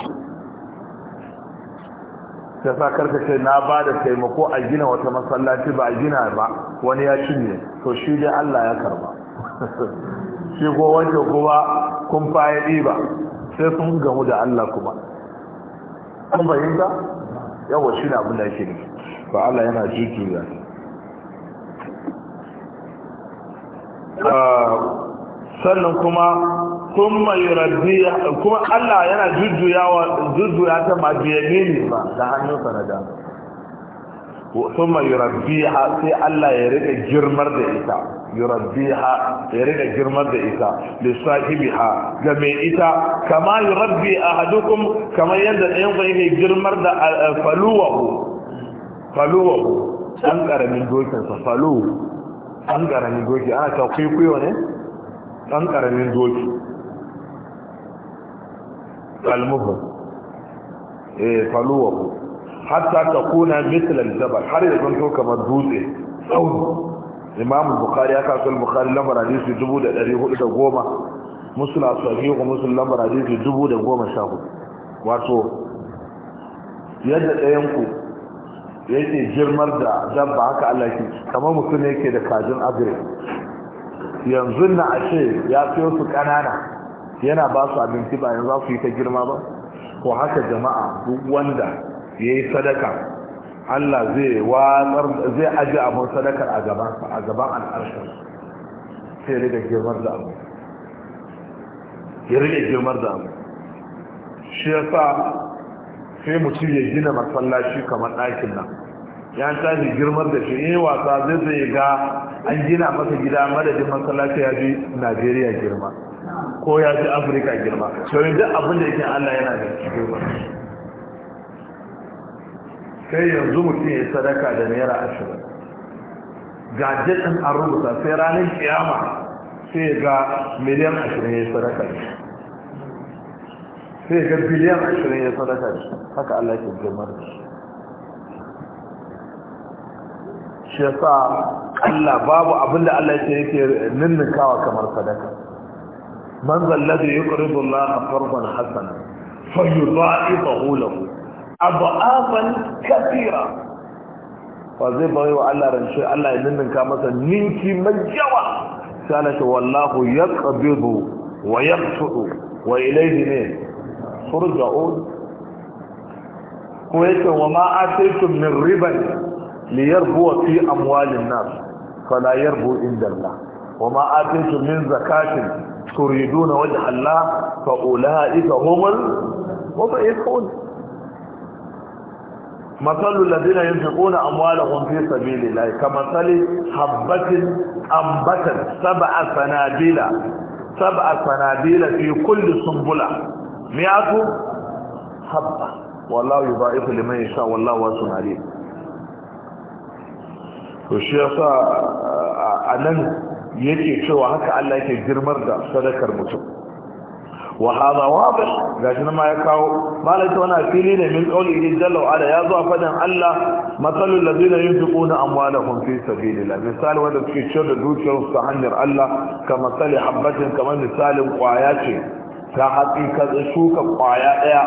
sai sa karka ce na ba da taimako a gina wata masallaci ba a gina ba wani ya cinye to shi dai Allah ya karɓa shi ko wanda kuma kun faye ba sai sun gamu da Allah kuma kun fahimta yawa shi na abin da yake ne ba Allah yana jiki ba. Ah, sannan kuma mai yaradiya kuma Allah yana jujjuyawa jujjuya ta ma ne ba da hannun na kuma yurabbiha sai Allah ya rika girmar da ita yurabbiha ya rika girmar da ita li sahibiha ga mai ita kama yurabbi ahadukum kama yadda ɗayan ku yake girmar da faluwahu faluwahu an karamin dokin sa falu an karamin doki ana ta kwaikwayo ne an karamin doki almuhim eh faluwahu hatta ta kuna misalan jabal har da zanto kamar dutse tsauni imam bukhari ya kasu bukhari lambar hadisi 1410 musul asahihu musul lambar hadisi 1014 wato yadda ɗayan ku yake girmar da dabba haka Allah ke kamar mutum yake da kajin agri yanzu na ashe ya fiye su ƙanana yana ba su abinci bayan za su yi ta girma ba ko haka jama'a duk wanda ya sadaka Allah zai watsar zai aji abin sadakar a gaban a al'arshin sai girmar da abu ya girmar da abu shi ya sa sai mutum ya gina masallaci kamar ɗakin nan ya tashi girmar da shi yi wasa zai zai ga an gina masa gida madadin masallaci ya fi najeriya girma ko ya fi afirka girma sau duk abin da yake allah yana da girma sai yanzu mutum ya sadaka da naira ashirin ga jadin an rubuta sai ranar kiyama sai ga miliyan ashirin ya sadaka da sai ga biliyan ashirin ya sadaka da haka Allah ke jamar da shi ya sa Allah babu abinda Allah ke yake ninninkawa kamar sadaka man zalladhi yuqridu Allah qardan hasanan fa yudha'ifahu lahu abu'afan kafira ba zai bari wa Allah rance Allah ya ninninka masa ninki mai yawa sai Allah wallahu yaqbidu wa yaqtu wa ilayhi ne turja'un ko yake wa ma ataytum min riban liyarbu fi amwalin nas fala yarbu inda Allah wa ma ataytum min zakatin turiduna wajha Allah fa ulaika humul mudhifun fi matsalul ladina yunfiquna amwalahum fi Ka kamathali habatin ambatan sab'a sanabila sab'a sanabila fi kulli sumbula mi'atu habba wallahu yudha'ifu liman yasha wallahu wasi'un 'alim to shi ya sa a nan yake cewa haka Allah yake girmar da sadakar mutum wa hadha wadih gashi nan ma ya kawo malai ta fili ne min qawli idan jalla wa ala ya zo a fadan Allah matalul ladina yunfiquna amwalahum fi sabilillah misali wanda suke ciyar da dukiyar su hanyar Allah ka sali habbatin kamar misalin ƙwaya ce ta hatsi ka shuka kwaya ɗaya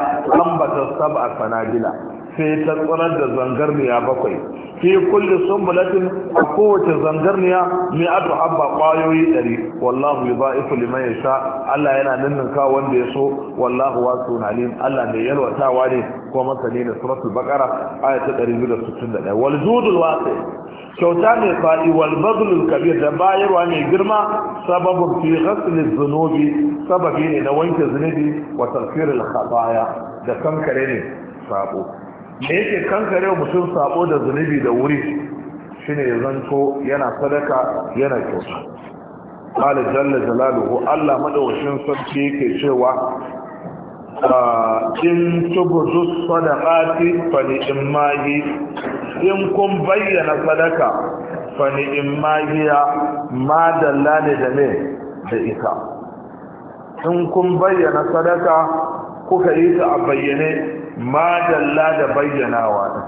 ambata sab'a sanadila sai ta da zangarniya bakwai fi kulli sumbulatin a kowace zangarniya mai adu abba kwayoyi ɗari wallahu ya ba ifu liman ya sha Allah yana ninninka wanda ya so wallahu wasu halim Allah mai yalwatawa ne ko masani da suratul baqara aya ta da wal judul wasi kyauta mai fa'i wal kabir da bayarwa mai girma sababun fi ghasl zunubi sababi ne na wanke zunubi wa tafsir al khataya da kankare ne sabo da yake kankare mutum sabo da zunubi da wuri shine ya zanto yana sadaka yana kyauta qala jalla jalaluhu Allah madawashin sarki ke cewa ah, in tubudu sadaqati fa fani in kun bayyana sadaka fa magiya ma dalla ne da me da ita in kun bayyana sadaka kuka yi ta a bayyane ma dalla da bayyanawa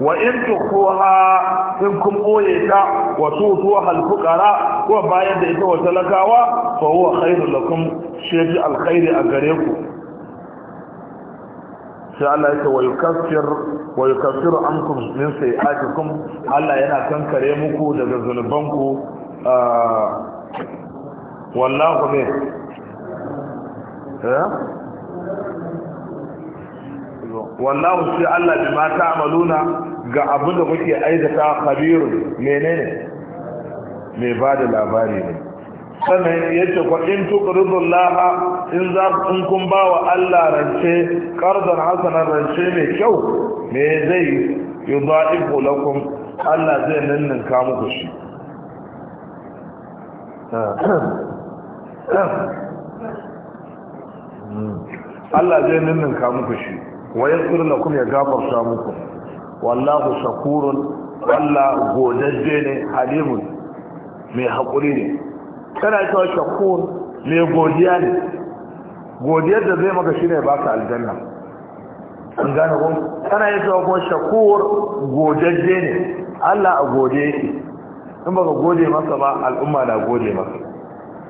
wa in tukhuha in kun boye ta wa tutuha hal fuqara ko bayan da ita wa lakawa fa huwa khairul lakum shi al-khairi a gare ku sai Allah ya ce wa yukaffir wa yukaffiru ankum min sayi'atikum Allah yana kankare muku daga ku ah, wallahu wallahu sai Allah bi ma amaluna ga abin da kuke aikata khabiru menene Me ba da labari ne sannan ya ce kwa in tuqridullaha in za in kun ba wa Allah rance qardan hasanan rance mai kyau me zai yudaifu lakum Allah zai ka muku shi hmm. Allah zai ka muku shi wa yaghfir lakum ya gafarta muku wallahu shakurun Allah godadde ne mai haƙuri ne kana cewa shakur mai godiya godiyar da zai maka shine baka aljanna an gane ko kana yin cewa ko shakur godadde ne Allah a in baka gode masa ba al'umma na gode masa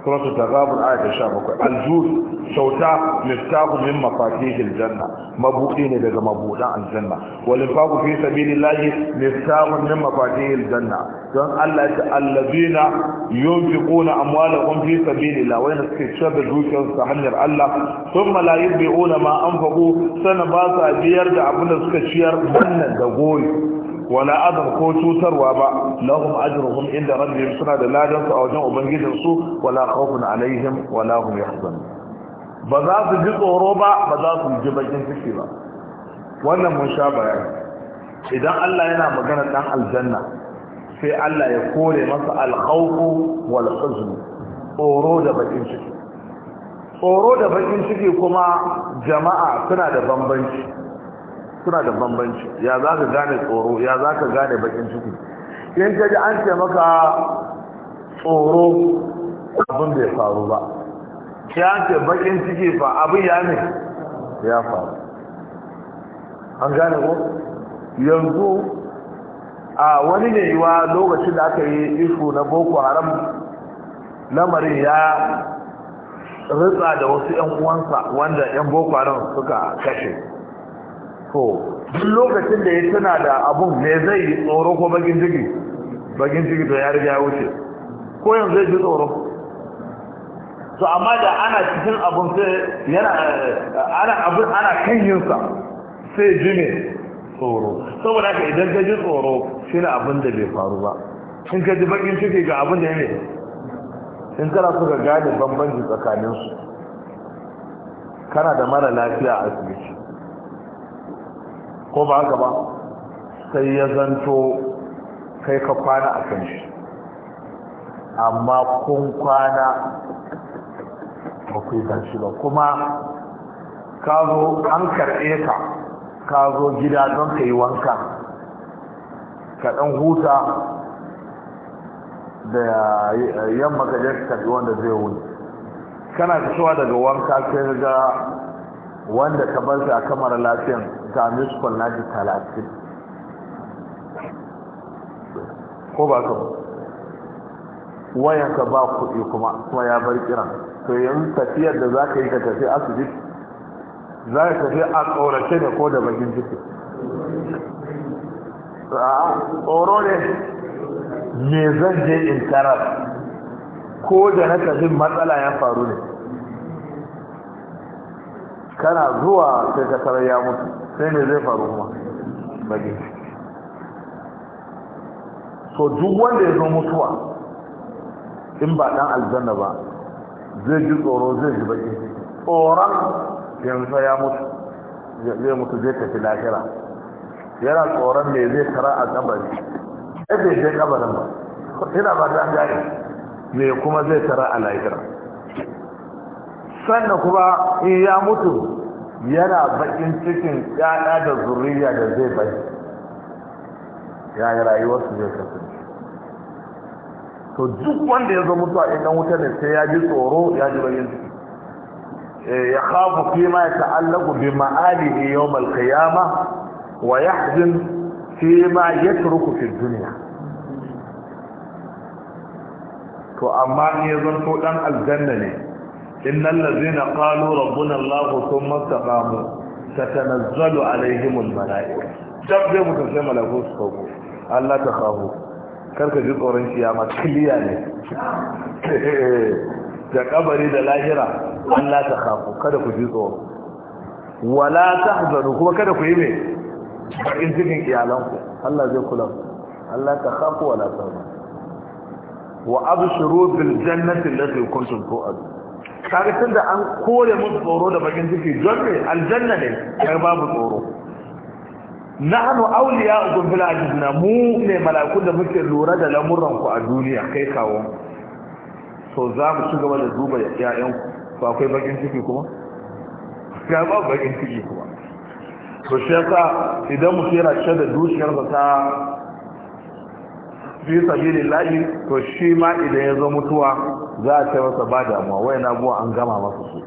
سورة التغابر آية شابك الجود شوتا مفتاح من مفاتيح الجنة مبوكين لذا مبولا الجنة والإنفاق في سبيل الله مفتاح من مفاتيح الجنة كان الذين ينفقون أموالهم في سبيل الله وين استكشاف الجوش يستحنر الله ثم لا يبيعون ما أنفقوا سنباسا بيرجع من استكشير من الدغول wala adam ko cutarwa ba lahum ajruhum inda rabbihim suna da ladan su a wajen ubangijin su wala khawfun alaihim wala hum yahzan ba za su ji tsoro ba ba za su ji bakin ciki ba wannan mun sha bayani idan Allah yana magana dan aljanna sai Allah ya kore masa alkhawfu wal huzn tsoro da bakin ciki tsoro da bakin ciki kuma jama'a suna da bambanci suna da bambanci ya za ka gane tsoro ya za ka gane bakin ciki in ka ji an ce maka tsoro abin da ya faru ba ya ce bakin ciki fa abin ya ne ya faru an gane ko yanzu a wani ne yiwa lokacin da aka yi isu na boko haram lamarin ya ritsa da wasu 'yan uwansa wanda 'yan boko haram suka kashe to duk lokacin da ya tana da abun ne zai yi tsoro ko bakin ciki bakin ciki to ya riga ya wuce ko yanzu zai ji tsoro to amma da ana cikin abun sai yana ana abun ana kan yinsa sai ji ne tsoro saboda ka idan ka ji tsoro shi ne abin da bai faru ba in ka ji bakin ciki ga abin da ya ne in kana so ka gane bambanci tsakaninsu kana da mara lafiya a asibiti ko ba haka ba sai ya zanto kai ka kwana a kan shi amma kun kwana ba ku yi shi ba kuma ka zo an karɓe ka ka zo gida don ka yi wanka ka ɗan huta da yamma ka je wanda zai wuni kana fitowa daga wanka sai ga wanda ka bar a kamar lafiyan ga miskol na ji talatin ko ba ka wayanka ba kuɗi kuma kuma ya bar kiran to yanzu tafiyar da za ka yi ka tafi asibiti za ka tafi a tsorace ne ko da bakin jiki tsoro ne me zan je in tarar ko da na tafi matsala ya faru ne kana zuwa sai ka ya mutu sai ne zai faru kuma bage so duk wanda ya zo mutuwa in ba dan aljanna ba zai ji tsoro zai ji baki tsoron yanzu ya mutu zai mutu zai tafi lahira yana tsoron me zai tara a kabari ɗaya zai je kabarin ba ina ba ta gane me kuma zai tara a lahira sannan kuma in ya mutu yana bakin cikin yada da zuriya da zai bai yayin rayuwarsu zai kasance to duk wanda ya zo mutuwa idan dan wuta ne sai ya ji tsoro ya ji bakin ciki eh, ya kafa fi ma ta'allaku bi ma'alihi ne yau qiyamah wa yahzan fi ma turku fi duniya? to amma ne ya zanto ɗan aljanna ne innal ladzina qalu rabbuna allah thumma istaqamu tatanazzalu alaihim al malaika dab da mutum sai malaiku su kawo allah ta kawo karka ji tsoron kiyama kiliya ne da kabari da lahira allah ta kawo kada ku ji tsoro wala tahzanu kuma kada ku yi me bakin cikin iyalanku allah zai kula allah ta kawo wala tahzanu wa abshuru bil jannati allati kuntum tu'adun kaga tun da an kore musu tsoro da bakin ciki don me aljanna ne kar babu tsoro nahnu awliya ubun bil ajizna mu ne malaku da muke lura da lamuran ku a duniya kai kawo so za mu ci gaba da duba yayan ku to akwai bakin ciki kuma ga ba bakin ciki kuma to shi yasa idan mu kira shi da dukiyar ta fi la'i, to shi ma idan ya zo mutuwa za a cewa sa ba damuwa na buwa an gama masa su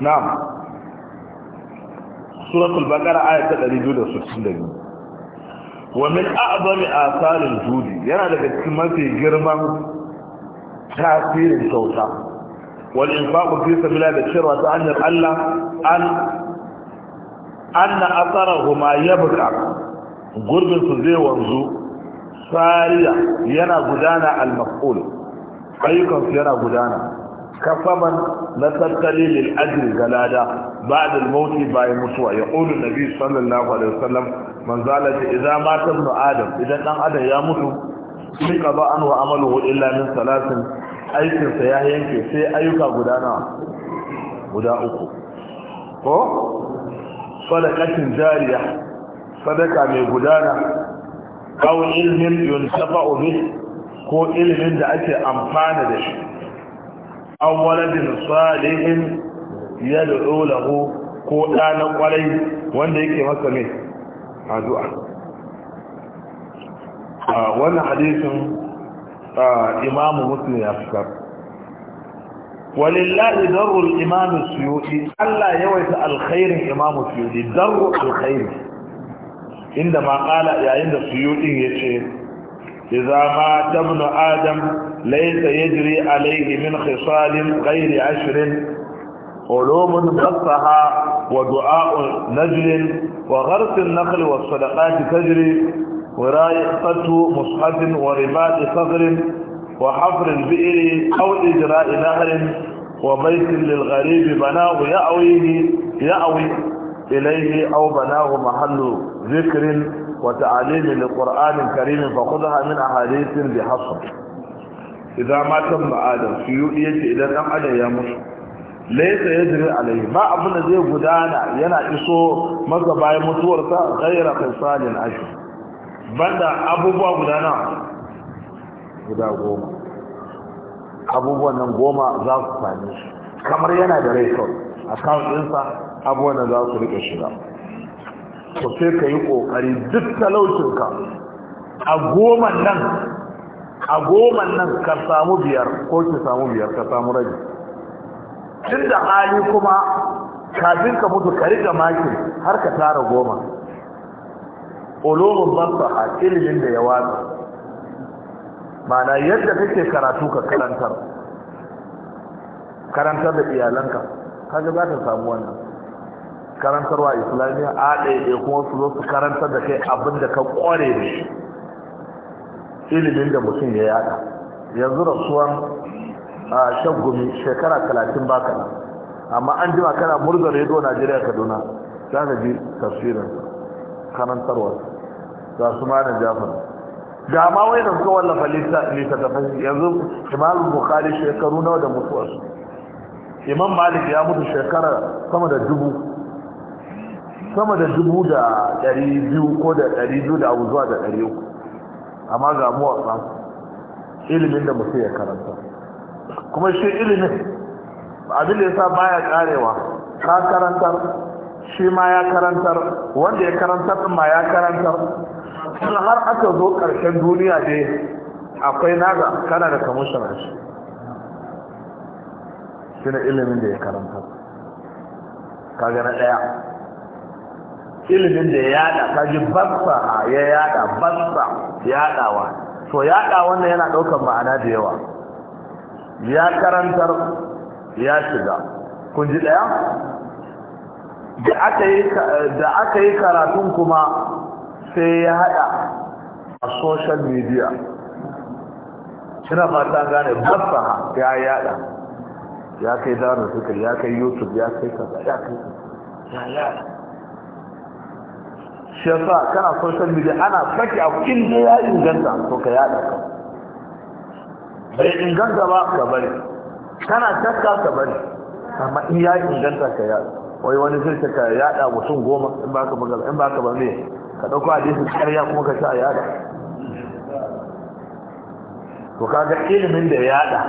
na'am suratul baqara ayat 262 wa min a'zami asalin judi yana daga cikin mafi girman tasirin sauta wal infaqu fi sabilillah da shirwa ta hanyar Allah an anna asarahuma yabqa gurbin su zai wanzu sariya yana gudana al-maf'ul ayyukan su yana gudana kasaban na tattali lil ajri galada ba'da al-maut bayan mutuwa yaqulu nabi sallallahu alaihi wasallam man zalata idza mata ibn adam idan dan adam ya mutu sai qaba an wa amaluhu illa min salatin aikinsa ya yanke sai ayyuka gudana guda uku ko sadaqatin jariya sadaka mai gudana aw ilmin yuntafa'u bih ko ilmin da ake amfana da shi an waladin salihin yad'u lahu ko da na wanda yake masa mai addu'a wannan hadisin imamu muslim ya fitar ولله در الإمام السيوطي ألا يويت الخير إمام السيوطي در الخير عندما قال يا عند السيوطي شيخ إذا مات ابن آدم ليس يجري عليه من خصال غير عشر علوم بسها ودعاء نجل وغرس النخل والصدقات تجري ورايقة مصحف ورباط صغر وحفر البئر أو إجراء نهر وبيت للغريب بناه يأويه يأوي إليه أو بناه محل ذكر وتعليم للقرآن الكريم فخذها من أحاديث بحصر إذا ما تم آدم سيؤية إذا تم آدم يا مصر ليس يجري عليه ما أبن ذي قدانا ينا إسو مصر باي مطورة غير خصال عجل بند أبو بابدانا guda goma abubuwan nan goma za su same shi kamar yana da rekod account ɗinsa abubuwan nan za su rike shiga to sai ka yi ƙoƙari duk talaucinka a goma nan a goma nan ka samu biyar ko ki samu biyar ka samu rabi tun da hali kuma kafin ka mutu ka rika makin har ka tara goma ulumin basa a ilimin da ya wata. mana yadda kake karatu ka karantar karantar da iyalanka kaga za samu wannan karantarwa islamiyya a ɗaiɗai kuma su zo su karantar da kai abin da ka ƙware ne. ilimin da mutum ya yada yanzu rasuwan shaggumi shekara talatin baka nan amma an jima kana murzar rediyo najeriya kaduna za ka ji tasirin karantarwa za su ma na jafar da ma wai da suka wallafa fasi yanzu imam bukhari shekaru nawa da su. imam malik ya mutu shekara sama da dubu sama da dubu da ɗari biyu ko da ɗari biyu da abu zuwa da ɗari uku amma ga mu a ilimin da mutum ya karanta kuma shi ilimin abin da ya sa baya karewa ka karantar shi ma ya karantar wanda ya karantar ma ya karantar in har aka zo ƙarshen duniya ne akwai naga kana da kamushin shi shi na ilimin da ya karanta kaga na ɗaya ilimin da ya yada kaji a ya yada bassa yadawa to yada wannan yana ɗaukar ma'ana da yawa ya karantar ya shiga kun ji ɗaya da aka yi karatun kuma sai ya hada a social media ina fata gane basaha ya yada ya kai darin sukar ya kai youtube ya kai kaza ya kai ya yada shi yasa kana social media ana saki a da ya inganta to ka yada ka bai inganta ba ka bari kana shakka ka bari amma in ya inganta ka yada wai wani zai ka yada mutum goma in ba ka ba in ba ka ka dauko hadisin ƙarya kuma ka sa yada to kaga ilimin da ya yada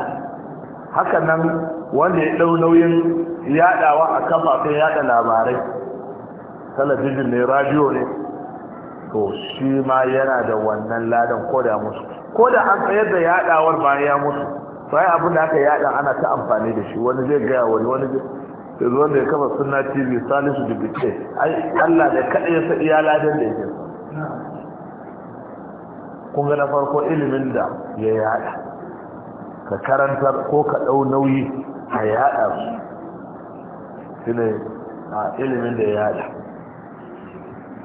haka nan wanda ya dau nauyin yadawa a kafafen yada labarai talabijin ne radio ne to shi ma yana da wannan ladan ko da musu ko da an tsayar da yadawar bayan ya musu sai abin da aka yada ana ta amfani da shi wani zai gaya wani wani zai yanzu da ya kafa suna tv salisu da bice allah da kaɗai ya sa iya ladan da yake kun ga na farko ilimin da ya yada ka karantar ko ka ɗau nauyi a yada su shi ne a ilimin da ya yada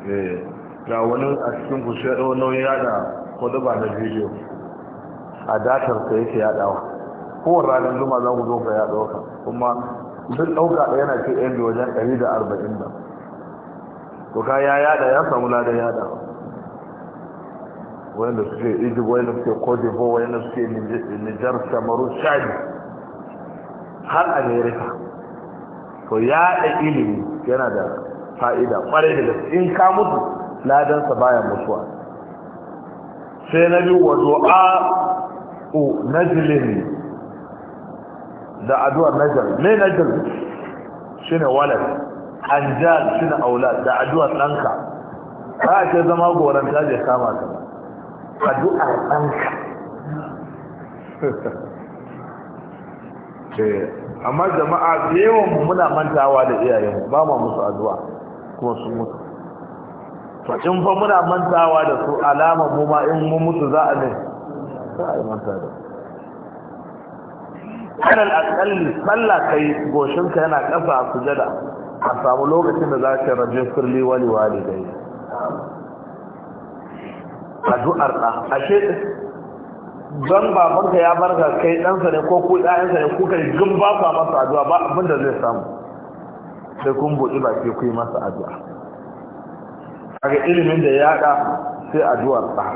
eh, ga wani a cikin ku shi ya ɗau nauyi yada ko daba na bidiyo a datar ka yake yadawa kowar ranar zuma za ku zo ka yaɗo ka kuma duk ɗauka da yana ce yan wajen ɗari da arba'in da to ka ya yada ya samu lada yada wanda suke egypt wanda suke cote d'ivoire wanda suke nijar samaru shadi har america to da ilimi yana da fa'ida kwarai da gaske in ka mutu ladansa baya mutuwa sai na biyu wazo a u najilin da addu'ar najal me najal shine walad anjal shine aulad da addu'ar danka ka ce zama da je kama ka addu'ar danka eh, amma jama'a da yawan mu muna mantawa da iyaye ba ma musu addu'a kuma sun mutu to in fa muna mantawa da su alama mu ma in mu mutu za a ne za a manta da alal akalli sallah kai goshinka yana ƙasa a sujada a samu lokacin da za ka raje firli wali wali dai addu'ar ɗa ashe don babanka ya ka kai ɗansa ne ko ku ɗayansa ne kuka gin ba ku masa addu'a ba abin da zai samu sai kun buɗi baki ku yi masa addu'a kaga ilimin da ya yaɗa sai addu'ar ɗa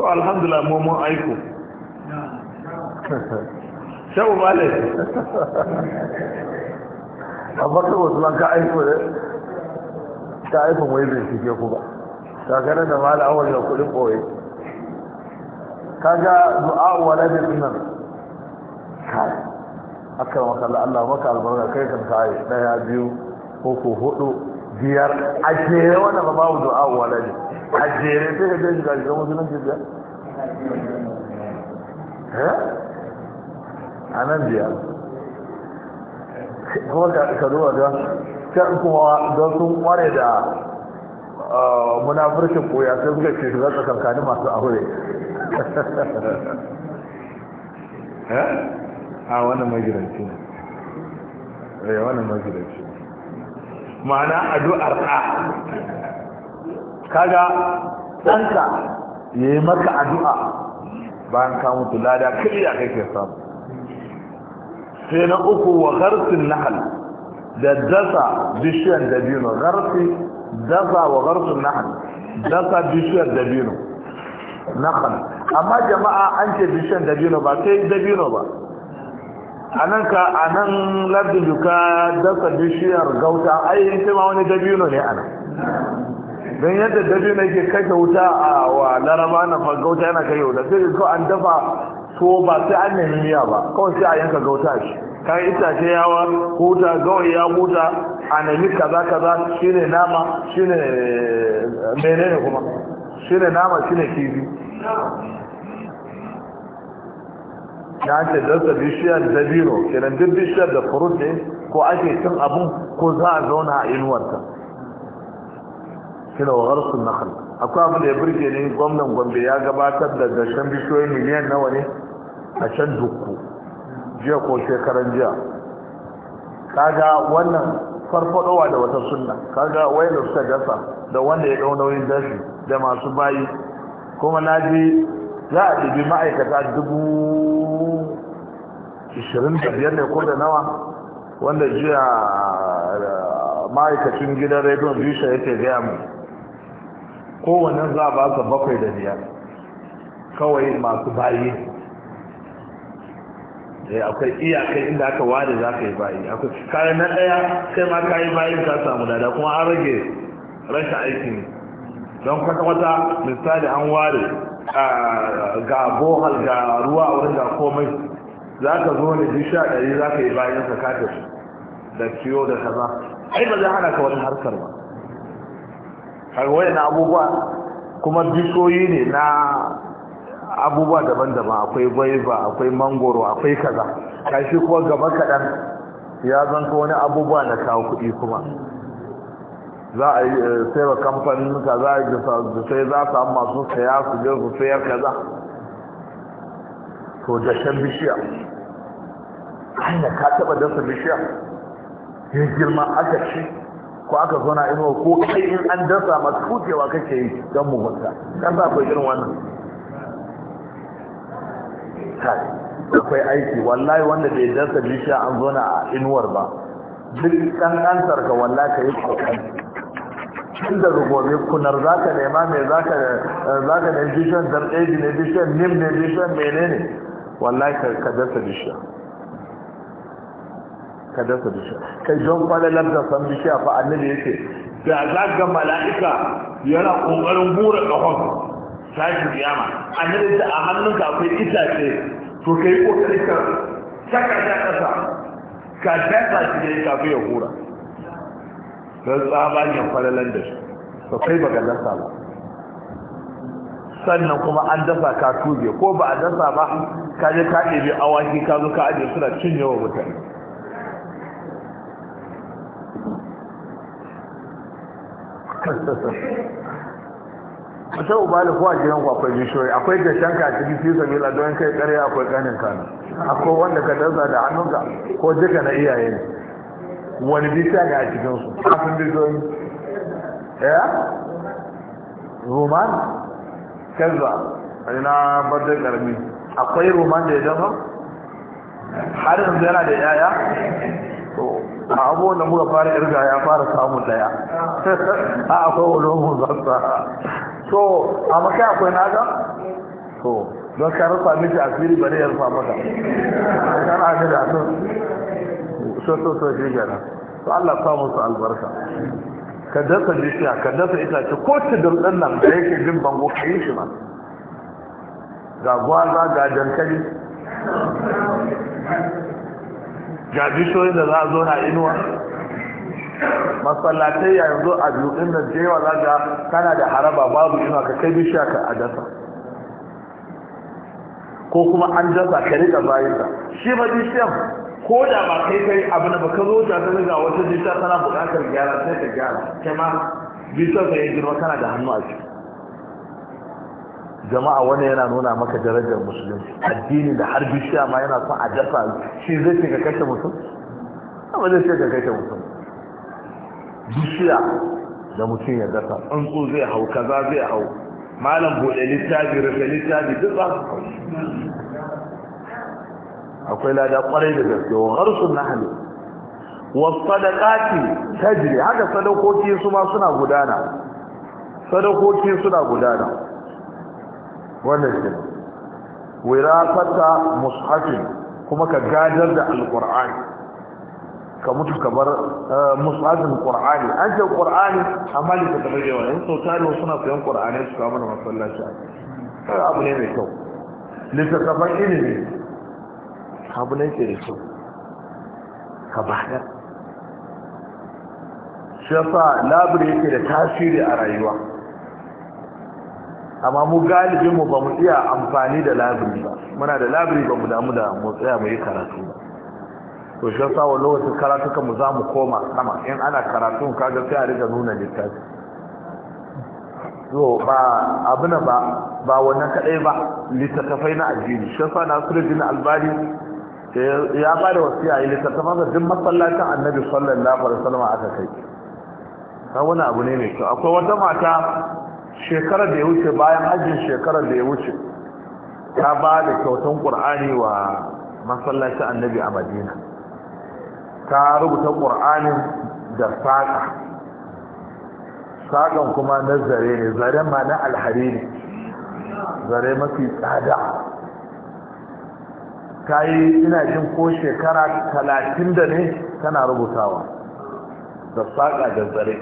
to alhamdulillah mu mun aiko shabu malai amma kai wasu ka aiko da ta aifin wai bincike ku ba takarar da ma awon da kudin boye ga du'a wala da sunan kai akan makalla Allah maka albarka kai kan kai daya biyu ko ko hudu biyar a jere wanda ba babu du'a wala ne a jere sai ka je shiga shiga musulunci biyar eh? a nan biyar kuma ka duba da can kuma don sun kware da munafurcin koya sai suka ce shiga kankani masu aure eh? a wannan magidanci ne ya eh, wannan magidanci ma'ana addu'ar a. kaga ɗanka ya yi maka addu'a bayan ka mutu lada kai ke samu sai na uku wa garsin nahal da dasa bishiyar dabino garsi dasa wa garsin nahal dasa bishiyar dabino nahal amma jama'a an ce bishiyar dabino ba sai dabino ba a nan ka a nan lardin duka dasa bishiyar gauta ai sai ma wani dabino ne a nan don yadda dabino yake kashe wuta a wa laraba na fa gauta yana kai wuta sai ko an dafa to ba sai an nemi miya ba kawai sai a yanka gauta shi kan itace yawa huta gawai ya huta a nemi kaza kaza shine nama shine menene kuma shine nama shine kifi ya ce dasa bishiyar dabino kiran duk bishiyar da furut ne ko ake cin abin ko za a zauna a inuwarta kina wa harsun nakal akwai abin da ya birge ne gwamnan gombe ya gabatar da gashen bishiyoyi miliyan nawa ne a can dukku jiya ko shekaran jiya kaga wannan farfadowa da wata sunna kaga wai da suka gasa da wanda ya dau nauyin dashi da masu bayi kuma na ji za a ɗibi ma'aikata dubu ishirin da biyar ne ko da nawa wanda jiya eh, ma'aikacin gidan rediyon bisha yake gaya mu kowanne za a ba su bakwai da biyar kawai masu bayi Eh, akwai iyakai inda aka ware za ka yi bayi akwai kayan na ɗaya sai ma ka yi bayi ka samu lada kuma an rage rashin aikin don kwata-kwata misali an ware ga bohal ga ruwa a wurin ga komai za ka zo ne bi sha ɗari za ka yi bayan ka kata da ciwo da kaza ai ba zai hana ka wani harkar ba kaga wani abubuwa kuma bishiyoyi ne na abubuwa daban-daban akwai gwaiba akwai mangoro akwai kaza kashi kuwa gaba kaɗan ya zanka wani abubuwa na kawo kuɗi kuma za a yi eh, sai wa kamfanin ka za a yi sai za su amma masu saya su je su sayar kaza to dashen bishiya hanya ka taɓa dasa bishiya ya girma aka ci ko aka zona inuwa ko kai in an dasa masu kucewa kake yi don mugunta ƙasa kwa irin wannan kai akwai aiki wallahi wanda bai dasa bishiya an zo na a inuwar ba duk kankantar ka wallahi ka yi kan tun da gobe kunar za ka nema mai za ka da dar darɗeji ne vision nim ne ne menene wallahi ka dasa bishiya ka dasa bishiya kai don kwalalar da san bishiya fa annabi yake da zaka mala'ika yana kokarin gura kafan tashin yama annabi ta a hannunka akwai itace to kai kokari ka saka ta kasa ka dasa shi da kafin ya hura don tsabagen falalan da shi to kai baka dasa ba sannan kuma an dasa ka tuje ko ba a dasa ba ka je ka ɗebe awaki ka zo ka aje suna cinye wa mutane a ubali kuwa da kowa gidan ku akwai bishiyoyi akwai dashen a cikin fi a don kai karya akwai kanin kanu akwai wanda ka dasa da hannunka ko jika na iyaye ne wani bishiya ne a cikin su kafin bishiyoyi ya eh? roman kelza ina barde karmi akwai roman da ya dafa har yanzu yana da yaya a abubuwan da muka fara irga ya fara samun daya a akwai mun zasa So a maka akwai naga so don ka rufa miji asiri ba ya rufa maka kan a da su so so so shi gana So Allah sa musu albarka ka dasa bishiya ka dasa itace ko ta dutsen nan da yake jin bango ka yi shi ma ga gwaza ga dankali ga bishiyoyin da za a zo na inuwa masallatai yanzu a dutsen da jewa za ka kana da haraba babu ina ka kai bishiya ka a dasa ko kuma an dasa ka rika bayan ta shi ba bishiyan ko da ba kai kai abin da baka zo da ta ga wata bishiya tana buƙatar gyara sai ka gyara kai ma bishiyan ka yi girma kana da hannu a ciki jama'a wani yana nuna maka darajar musulunci addini da har bishiya ma yana son a dasa shi zai ce ka kashe mutum amma zai ce ka kashe mutum bishiya da mutum ya dasa tsuntsu zai hau kaza zai hau malam bude littafi rufe littafi duk za su hau akwai lada kwarai da gaske wa harsun nahli wa ta jiri haka sadakoki su ma suna gudana sadakoki suna gudana wannan shi Wira fata mushafin kuma ka gadar da alqur'ani ka mutu ka bar eh, qur'ani an ce qur'ani amma da ka tabbata yawa in sau suna koyon qur'ani su kawo mana masallaci eh, abu ne mai kyau littattafan ilimi abu ne ke da kyau ka bayar shi yasa labiri yake da tasiri a rayuwa amma mu galibin mu ba mu iya amfani da labiri ba muna da labiri ba mu damu da mu tsaya mu yi karatu ba to shi yasa wani lokacin kan mu za mu koma sama in ana karatun kaga sai a riga nuna littafi to ba abuna ba ba wannan kadai ba littattafai na addini shi yasa Nasiruddin Albani ya ba da wasiya a littattafan da duk masallacin Annabi sallallahu alaihi wasallam aka kai ta wani abu ne mai kyau akwai wata mata shekarar da ya wuce bayan ajin shekarar da ya wuce ta ba da kyautan Qur'ani wa masallacin Annabi a Madina ta rubuta ƙur'anin da saƙa saƙan kuma na zare ne zare ma na alhari ne zare mafi tsada ta yi ina jin ko shekara talatin da ne tana rubutawa da saƙa da zare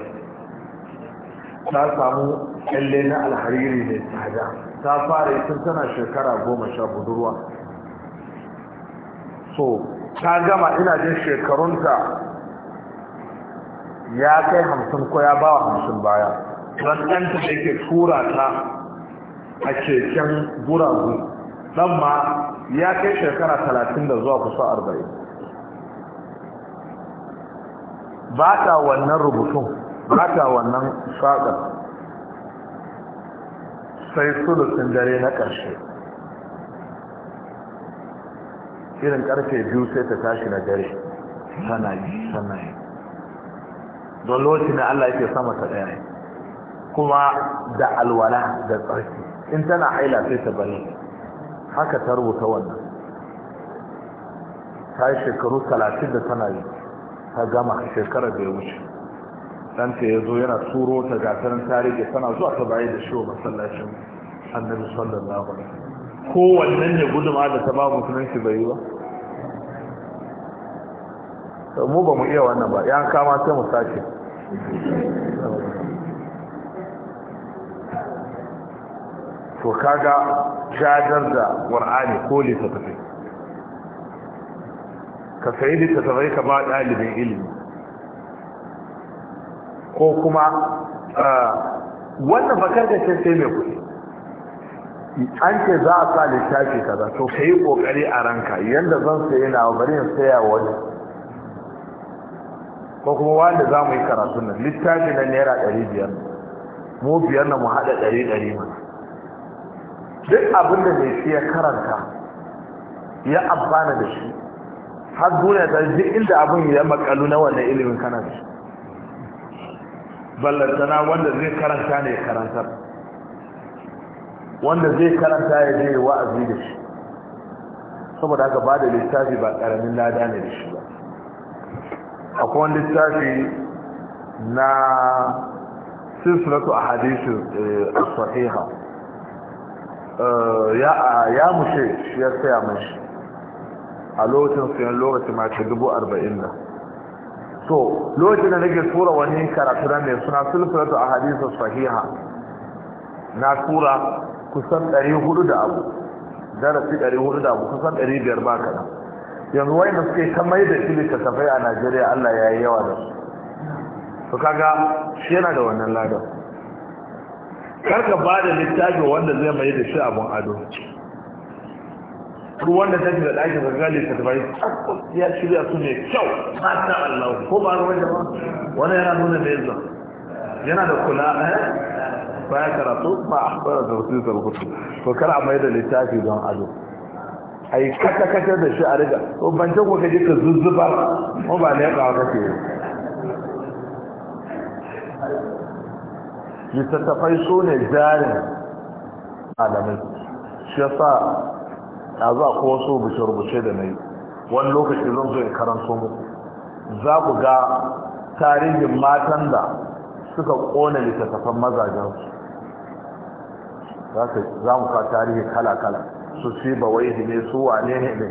ta samu kyalle na alhariri mai tsada ta fara yi tun tana shekara goma sha budurwa so ta gama ina jin shekarunta ya kai hamsin ko ya ba wa hamsin baya don da yake tura ta a keken guragu ɗan ma ya kai shekara talatin da zuwa kusa arba'in ba ta wannan rubutun ba ta wannan shaƙar sai su sulusin dare na ƙarshe irin karfe biyu sai ta tashi na dare tana yi yi don lokacin Allah yake sama ta ɗaya kuma da alwala da tsarki in tana haila sai ta bari. haka ta rubuta wannan ta yi shekaru talatin da tana yi ta gama shekarar da ya wuce ɗanta ya zo yana turo ta tarihi tana zuwa ta bayi da shi wa masallacin annabi sallallahu alaihi kowannen ne guduma da ta ba musulunci bai yi ba mu ba mu iya wannan ba ya kama sai mu sace to kaga jajar da qur'ani ko littafi ka sayi littafi ka ba dalibin ilimi ko kuma ah, wannan bakar da sai mai kuɗi an ce za a sa littafi kaza to ka yi kokari a ranka yadda zan sayi na bari in saya wani ko kuma wanda za mu yi karatu nan littafi na naira ɗari biyar mu biyar na mu haɗa ɗari ɗari mana duk abin da mai shi karanta ya amfana da shi har duniya ta duk inda abin ya makalu na wannan ilimin kana da shi ballantana wanda zai karanta ne ya karantar wanda zai karanta ya je wa'azi da shi saboda haka ba da littafi ba karamin lada ne da shi ba akwai wani littafi na silsilatu a hadisu eh, a sahiha eh, ya mushe shi ya saya mashi a lokacin sayan lokacin mace dubu arba'in da so lokacin da nake tura wani karatu na suna sulfuratu a hadisu sahiha na tura kusan 400 da abu darasi 400 da abu kusan 500 ba kaɗan yanzu wai da suke ta mai da fili ta tafai a najeriya allah ya yi yawa da su su kaga shi yana da wannan ladar karka ba da littafi wanda zai mai da shi abun ado ruwan da ta da ɗakin zagali ta tafai ya shirya su mai kyau mata allah ko ba ruwan da ba wani yana nuna mai yana da kula eh? fa karatu ba a fara tafsir kutu to kar a mai da littafi don ado a yi kakakata da shi a riga ko ban ce kuka ji ka zuzzubar ko ba ne ba kake yi littattafai su ne jarin malamai shi ya sa a za ko wasu rubuce-rubuce da na yi wani lokaci zan zo in karanto muku za ku ga tarihin matan da suka kona littattafan mazajensu za mu fa tarihi kala-kala su fi ba wai ne su wane ne ne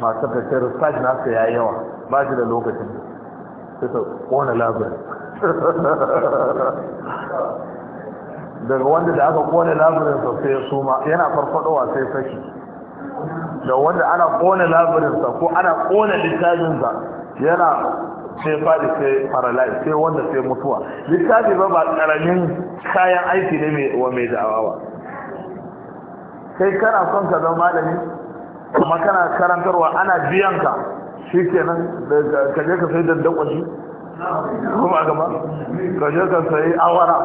masu fashe research nasa ya yawa ba shi da lokacin su ta kone labirin daga wanda da aka kone labirin sa sai su ma yana farfadowa sai saki da wanda ana kone labirin sa ko ana kone littafin yana sai fadi sai paralyze sai wanda sai mutuwa littafi ba ba karamin kayan aiki ne wa mai da'awa sai kana son ka zama malami kuma kana karantarwa ana biyan ka shi kenan ka je ka sai dandan kwashi kuma gaba ka je ka sai awara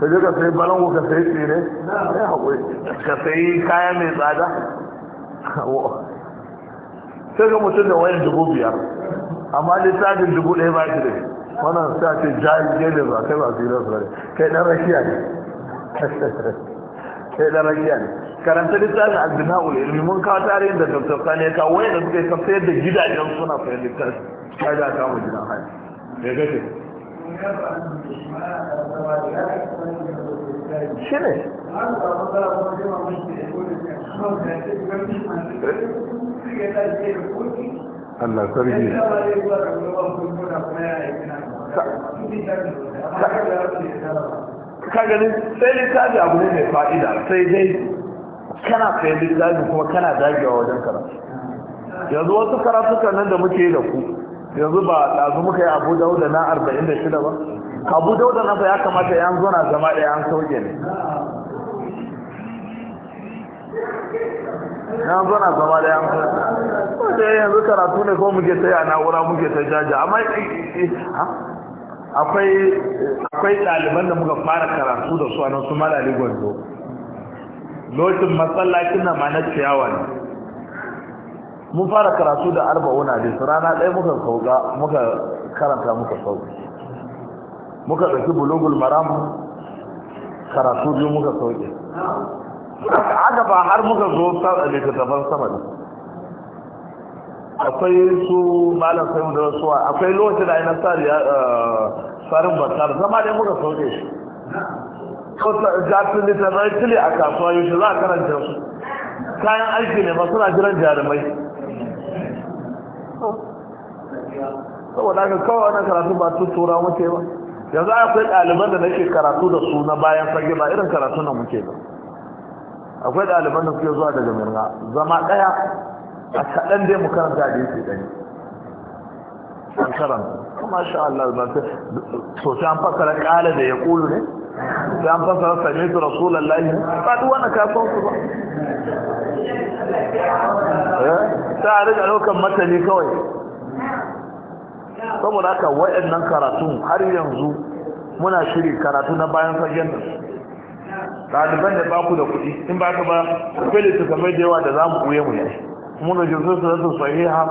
ka je ka sai balangu ka sai tsire sai haƙuri ka sai kayan mai tsada sai ga mutum da wayan dubu biyar amma littafin dubu ɗaya ba shi ne shi wannan sa ce jayi ne ba kai ba zira su ne kai ɗan rakiya ne kai ɗan rakiya ne karanta littafin albina'ul ilmi mun kawo tarihin da dr sani ka waye da suka yi kafayar da gidajen suna fayar littafin ya ga kama gidan hali ya gace shi ne Allah sarki ka ganin sai littafi abu ne mai fa'ida sai dai kana sayan littafi kuma kana dagewa wajen karatu yanzu wasu karatukan nan da muke da ku yanzu ba ɗazu muka yi abu dauda na arba'in da shida ba abu dauda na ya kamata yan zona zama ɗaya an sauke ne yan zona zama ɗaya an sauke da yanzu karatu ne ko muke ta yi a na'ura muke ta jaja amma eh, eh, akwai ɗaliban da muka fara karatu da su a nan su malali gwanzo lokacin matsalakin na ma na ciyawa ne mun fara karatu da arba'una da su rana ɗaya muka sauka muka karanta muka sauka muka ɗauki bulogul maram karatu biyu muka sauke haka ba har muka zo littattafan sama da akwai su malam sai da rasuwa akwai lokaci da ai na sari tsarin batar zama dai muka sauke shi ko ta zai tili a kasuwa yau shi za a karanta su kayan aiki ne ba suna jiran jarumai saboda haka kawai wannan karatu ba tura muke ba yanzu akwai ɗaliban da nake karatu da su na bayan sage ba irin karatu na muke ba akwai ɗaliban da suke zuwa daga mirna zama ɗaya a kaɗan dai mu karanta da yake ɗani. an karanta masha Allah ba ta so sai an fasara ƙala da ya ƙulu ne sai an fasara sami su rasulallahi ba duk wani kafin su ba ta eh? a riga ɗaukan matani kawai saboda haka waɗannan karatun har yanzu muna shiri karatu na bayan fagen ɗaliban da ba ku da kuɗi in ba ka ba kwele su kamar da yawa da za mu ɓuye mu yashi muna jirgin su da ha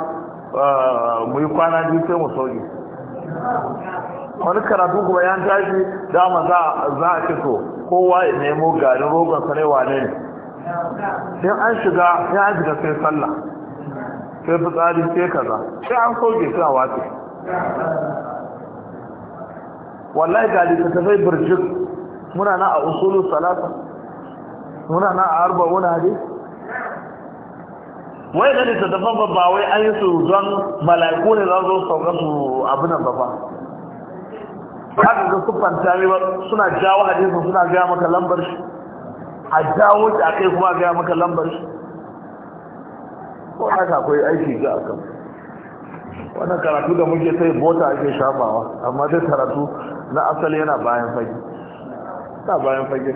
eh, mu yi kwana biyu sai mu sauki. wani karatu kuma ya tashi dama za a fito kowa ya nemo garin rogon sa ne wane ne sai an shiga sai an shiga sai sallah sai fitsari sai kaza sai an soke sai a wace wallahi ga littattafai Birjin? muna na a usulun salasa muna na a wani hadis wai da da ba ba wai an yi su don mala'iku ne za su sauka su abu nan ba ba haka ga fanta ne ba suna jawo hadisun suna gaya maka lambar shi a jawo shi a kai kuma gaya maka lambar shi ko haka akwai aiki ga akan wannan karatu da muke sai mota ake shafawa amma dai karatu na asali yana bayan fage na bayan fage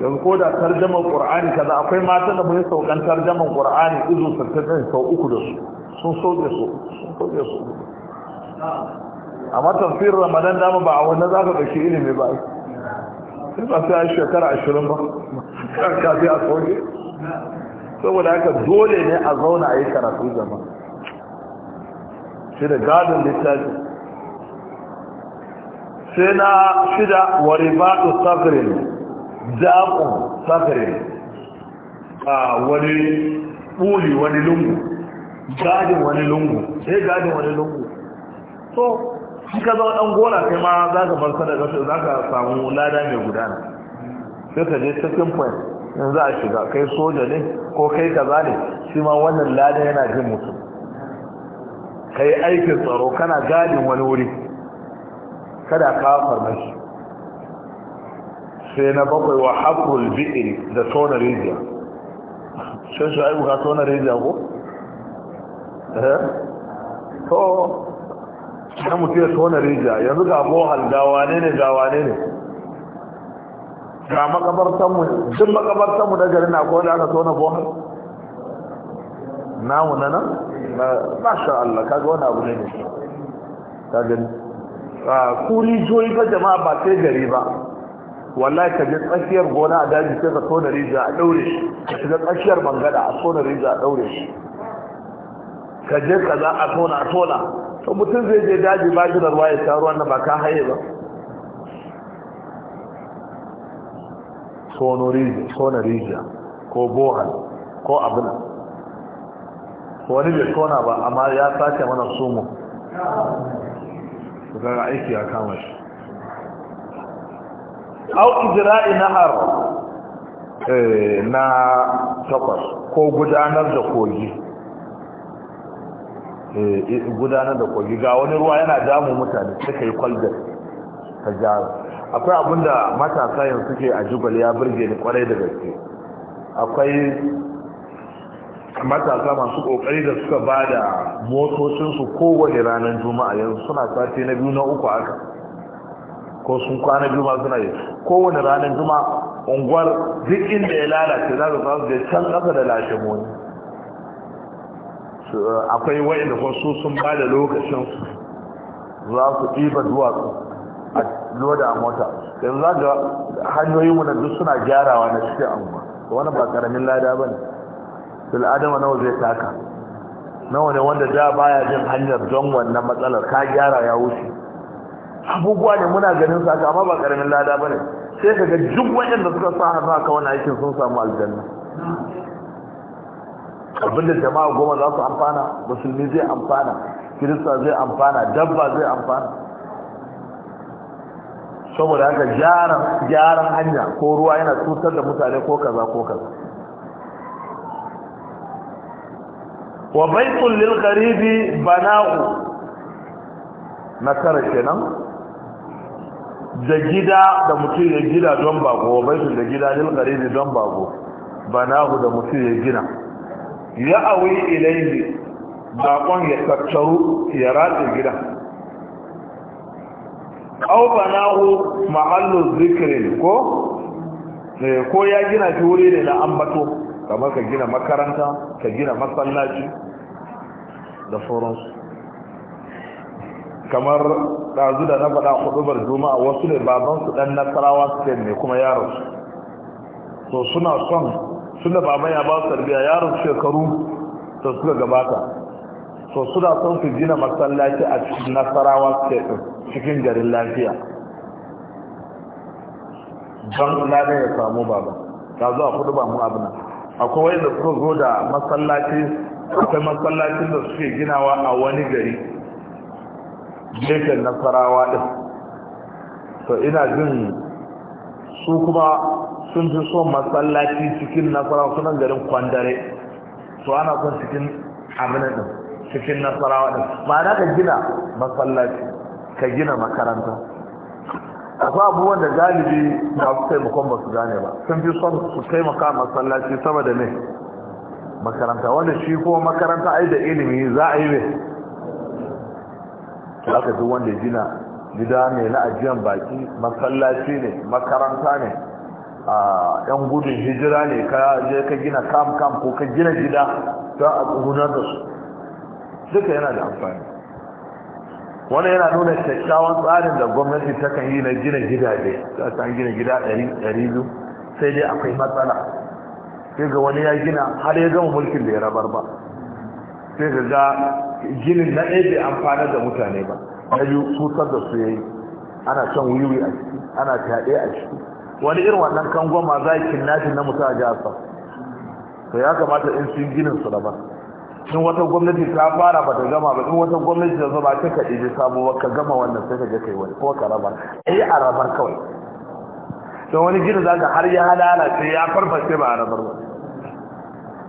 yanzu ko da tarjaman qur'ani kaza akwai mata da mun saukan tarjaman qur'ani izu sattin sau uku da su sun soke su sun soke su amma tafsir ramadan dama ba a wannan zaka shi ilimi ba sai ba sai a shekara 20 ba ka sai a soke saboda haka dole ne a zauna a yi karatu jama'a shi da gadon littafi sai na shida wa ribatu sagrin daƙon safari a wani ɓuli wani lungu gadin wani lungu sai gadin wani lungu so shi ka zama ɗan gona kai ma za ka bar sadaka za ka samu lada mai gudana sai ka je cikin point in za a shiga kai soja ne ko kai kazane zane shi ma wannan lada yana jin mutum kai aikin tsaro kana gadin wani wuri kada ka farmashi sai na bakwai wa haƙul bi'iri da tona rijiya sai su aibuka tona rijiya ko? eh? to na mutu ya tona rijiya yanzu ga bohal gawane ne gawane ne ga makabartanmu duk makabartanmu na garin na kone aka tona bohal namu na nan? masha Allah kaga wani abu ne ne kaga ah, kuri joyi ta jama'a ba sai gari ba wallahi ka je tsakiyar gona a daji sai ka tona rijiya a daure shi ka shiga tsakiyar bangada a tona rijiya a daure shi ka je kaza a tona a tona to mutum zai je daji ba shi da ruwa ya sha ruwan da ba ka haye ba tona rijiya ko bohan ko abin wani bai tona ba amma ya sace mana sumu ga aiki ya kama shi au izra'i nahar eh, na takwas ko gudanar da kogi eh, gudanar da kogi ga wani ruwa yana damu mutane suka yi kwaldar ta jaru akwai abinda matasa yanzu suke a jubal ya birge ni kwarai da gaske akwai matasa masu kokari da suka ba da motocinsu kowane ranar juma'a yanzu suna sati na biyu na uku aka ko sun kwana juma suna yi kowane ranar juma unguwar duk inda ya lalace za su zasu je can kasa da lashe moni akwai wa'in da su sun ba da lokacin za su ɗiba duwatsu a loda a mota yanzu za ga hanyoyin mu na duk suna gyarawa na cikin anguwa wani ba karamin lada ba ne bil adama nawa zai taka nawa ne wanda da baya jin hanyar don wannan matsalar ka gyara ya wuce abubuwa ne muna ganin su amma ba karamin lada ba ne? sai kaga duk waɗanda suka sa hannu aka wani aikin sun samu aljanna Abin da jama'a goma za su amfana musulmi zai amfana kirista zai amfana dabba zai amfana saboda haka gyaran hanya ko ruwa yana cutar da mutane ko kaza ko kaza wa baitul lil gharibi bana'u na nakara kenan da gida da mutum ya gida don bako wa su da gida lil qaribi don bako banahu da mutum ya gina ya awi ilayhi bakon ya tattaru ya ratsa gida aw banahu mahallu zikrin ko eh, ko ya gina shi wuri ne na ambato kamar ka gina makaranta ka gina masallaci da sauransu kamar ɗazu da na faɗa huɗubar juma'a wasu ne babansu ɗan nasarawa ke ne kuma yaron su so suna son su da baban ya ba su tarbiyya, yaron shekaru da suka gabata so suna son su gina masallaci a cikin nasarawa state cikin garin lafiya don lada ya samu baba zo a ba mu abin akwai wanda suka zo da masallaci akwai masallacin da suke ginawa a wani gari gefen nasarawa ɗin to ina jin su kuma sun fi son masallaci cikin nasarawa sunan garin kwandare to ana son cikin aminan ɗin cikin nasarawa ɗin ma'ana ka gina masallaci ka gina makaranta akwai abubuwan da galibi su taimakon ba su gane ba sun fi son su taimaka masallaci saboda ne makaranta wanda shi kuma makaranta ai da ilimi za a yi ne aka duk wanda gina gida ne na ajiyan baki masallaci ne makaranta ne a yan gudun hijira ne ka ka gina kam kam ko ka gina gida don a tsugunar da su duka yana da amfani wani yana nuna kyakkyawan tsarin da gwamnati ta kan yi na gina gidaje ta san gina gida ɗari biyu sai dai akwai matsala sai ga wani ya gina har ya gama mulkin da ya rabar ba sai ka ga ginin na ɗaya bai amfana da mutane ba na biyu cutar da su yi. ana can wiwi a ciki ana fyaɗe a ciki wani irin wannan kangon ma za a shi na mutum a jihar to ya kamata in sun ginin su ba in wata gwamnati ta fara ba ta gama ba in wata gwamnati ta zama ta kaɗi da ba ka gama wannan sai ka je kai wani ko ka rabar yi a rabar kawai don wani gini za ka har ya halala sai ya farfashe ba a rabar ba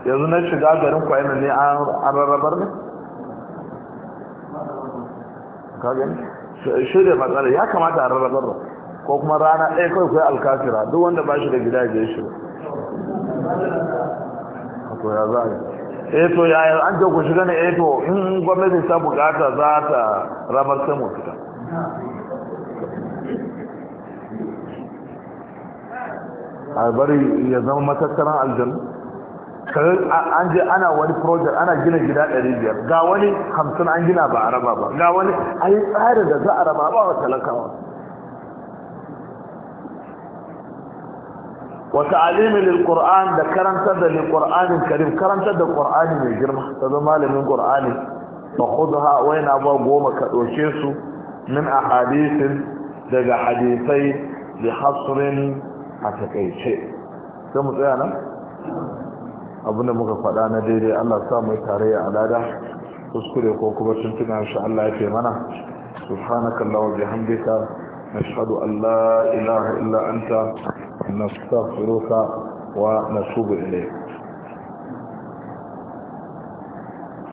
yanzu na shiga garin kwayanan ne an rarrabar ne ka gani shirya matsala ya kamata a rarrabar ba ko kuma rana ɗaya kawai kai alkafira duk wanda ba shi da gida ya shi to ya za eh to ya an ce ku shiga ne eto eh, to in gwamnati ta bukata za ta rabar samu. fita a bari ya zama matattaran aljanu. kaga an je ana wani project ana gina gida 500 ga wani 50 an gina ba a raba ba ga wani an yi tsarin da za a raba ba wa talakawa wa ta'alimi lil da karantar da lil qur'anin karim karantar da qur'ani mai girma ta zama malamin qur'ani fa khudha wa yana ba goma ka ɗauke su min a hadisin daga hadisai bi hasrin a takaice sai mu tsaya nan abinda muka faɗa na daidai Allah sa mai tarayya a lada kuskure ko kuma tuntuna shi Allah ya ke mana subhanaka allahumma bihamdika nashhadu an la ilaha illa anta nastaghfiruka wa natubu ilayk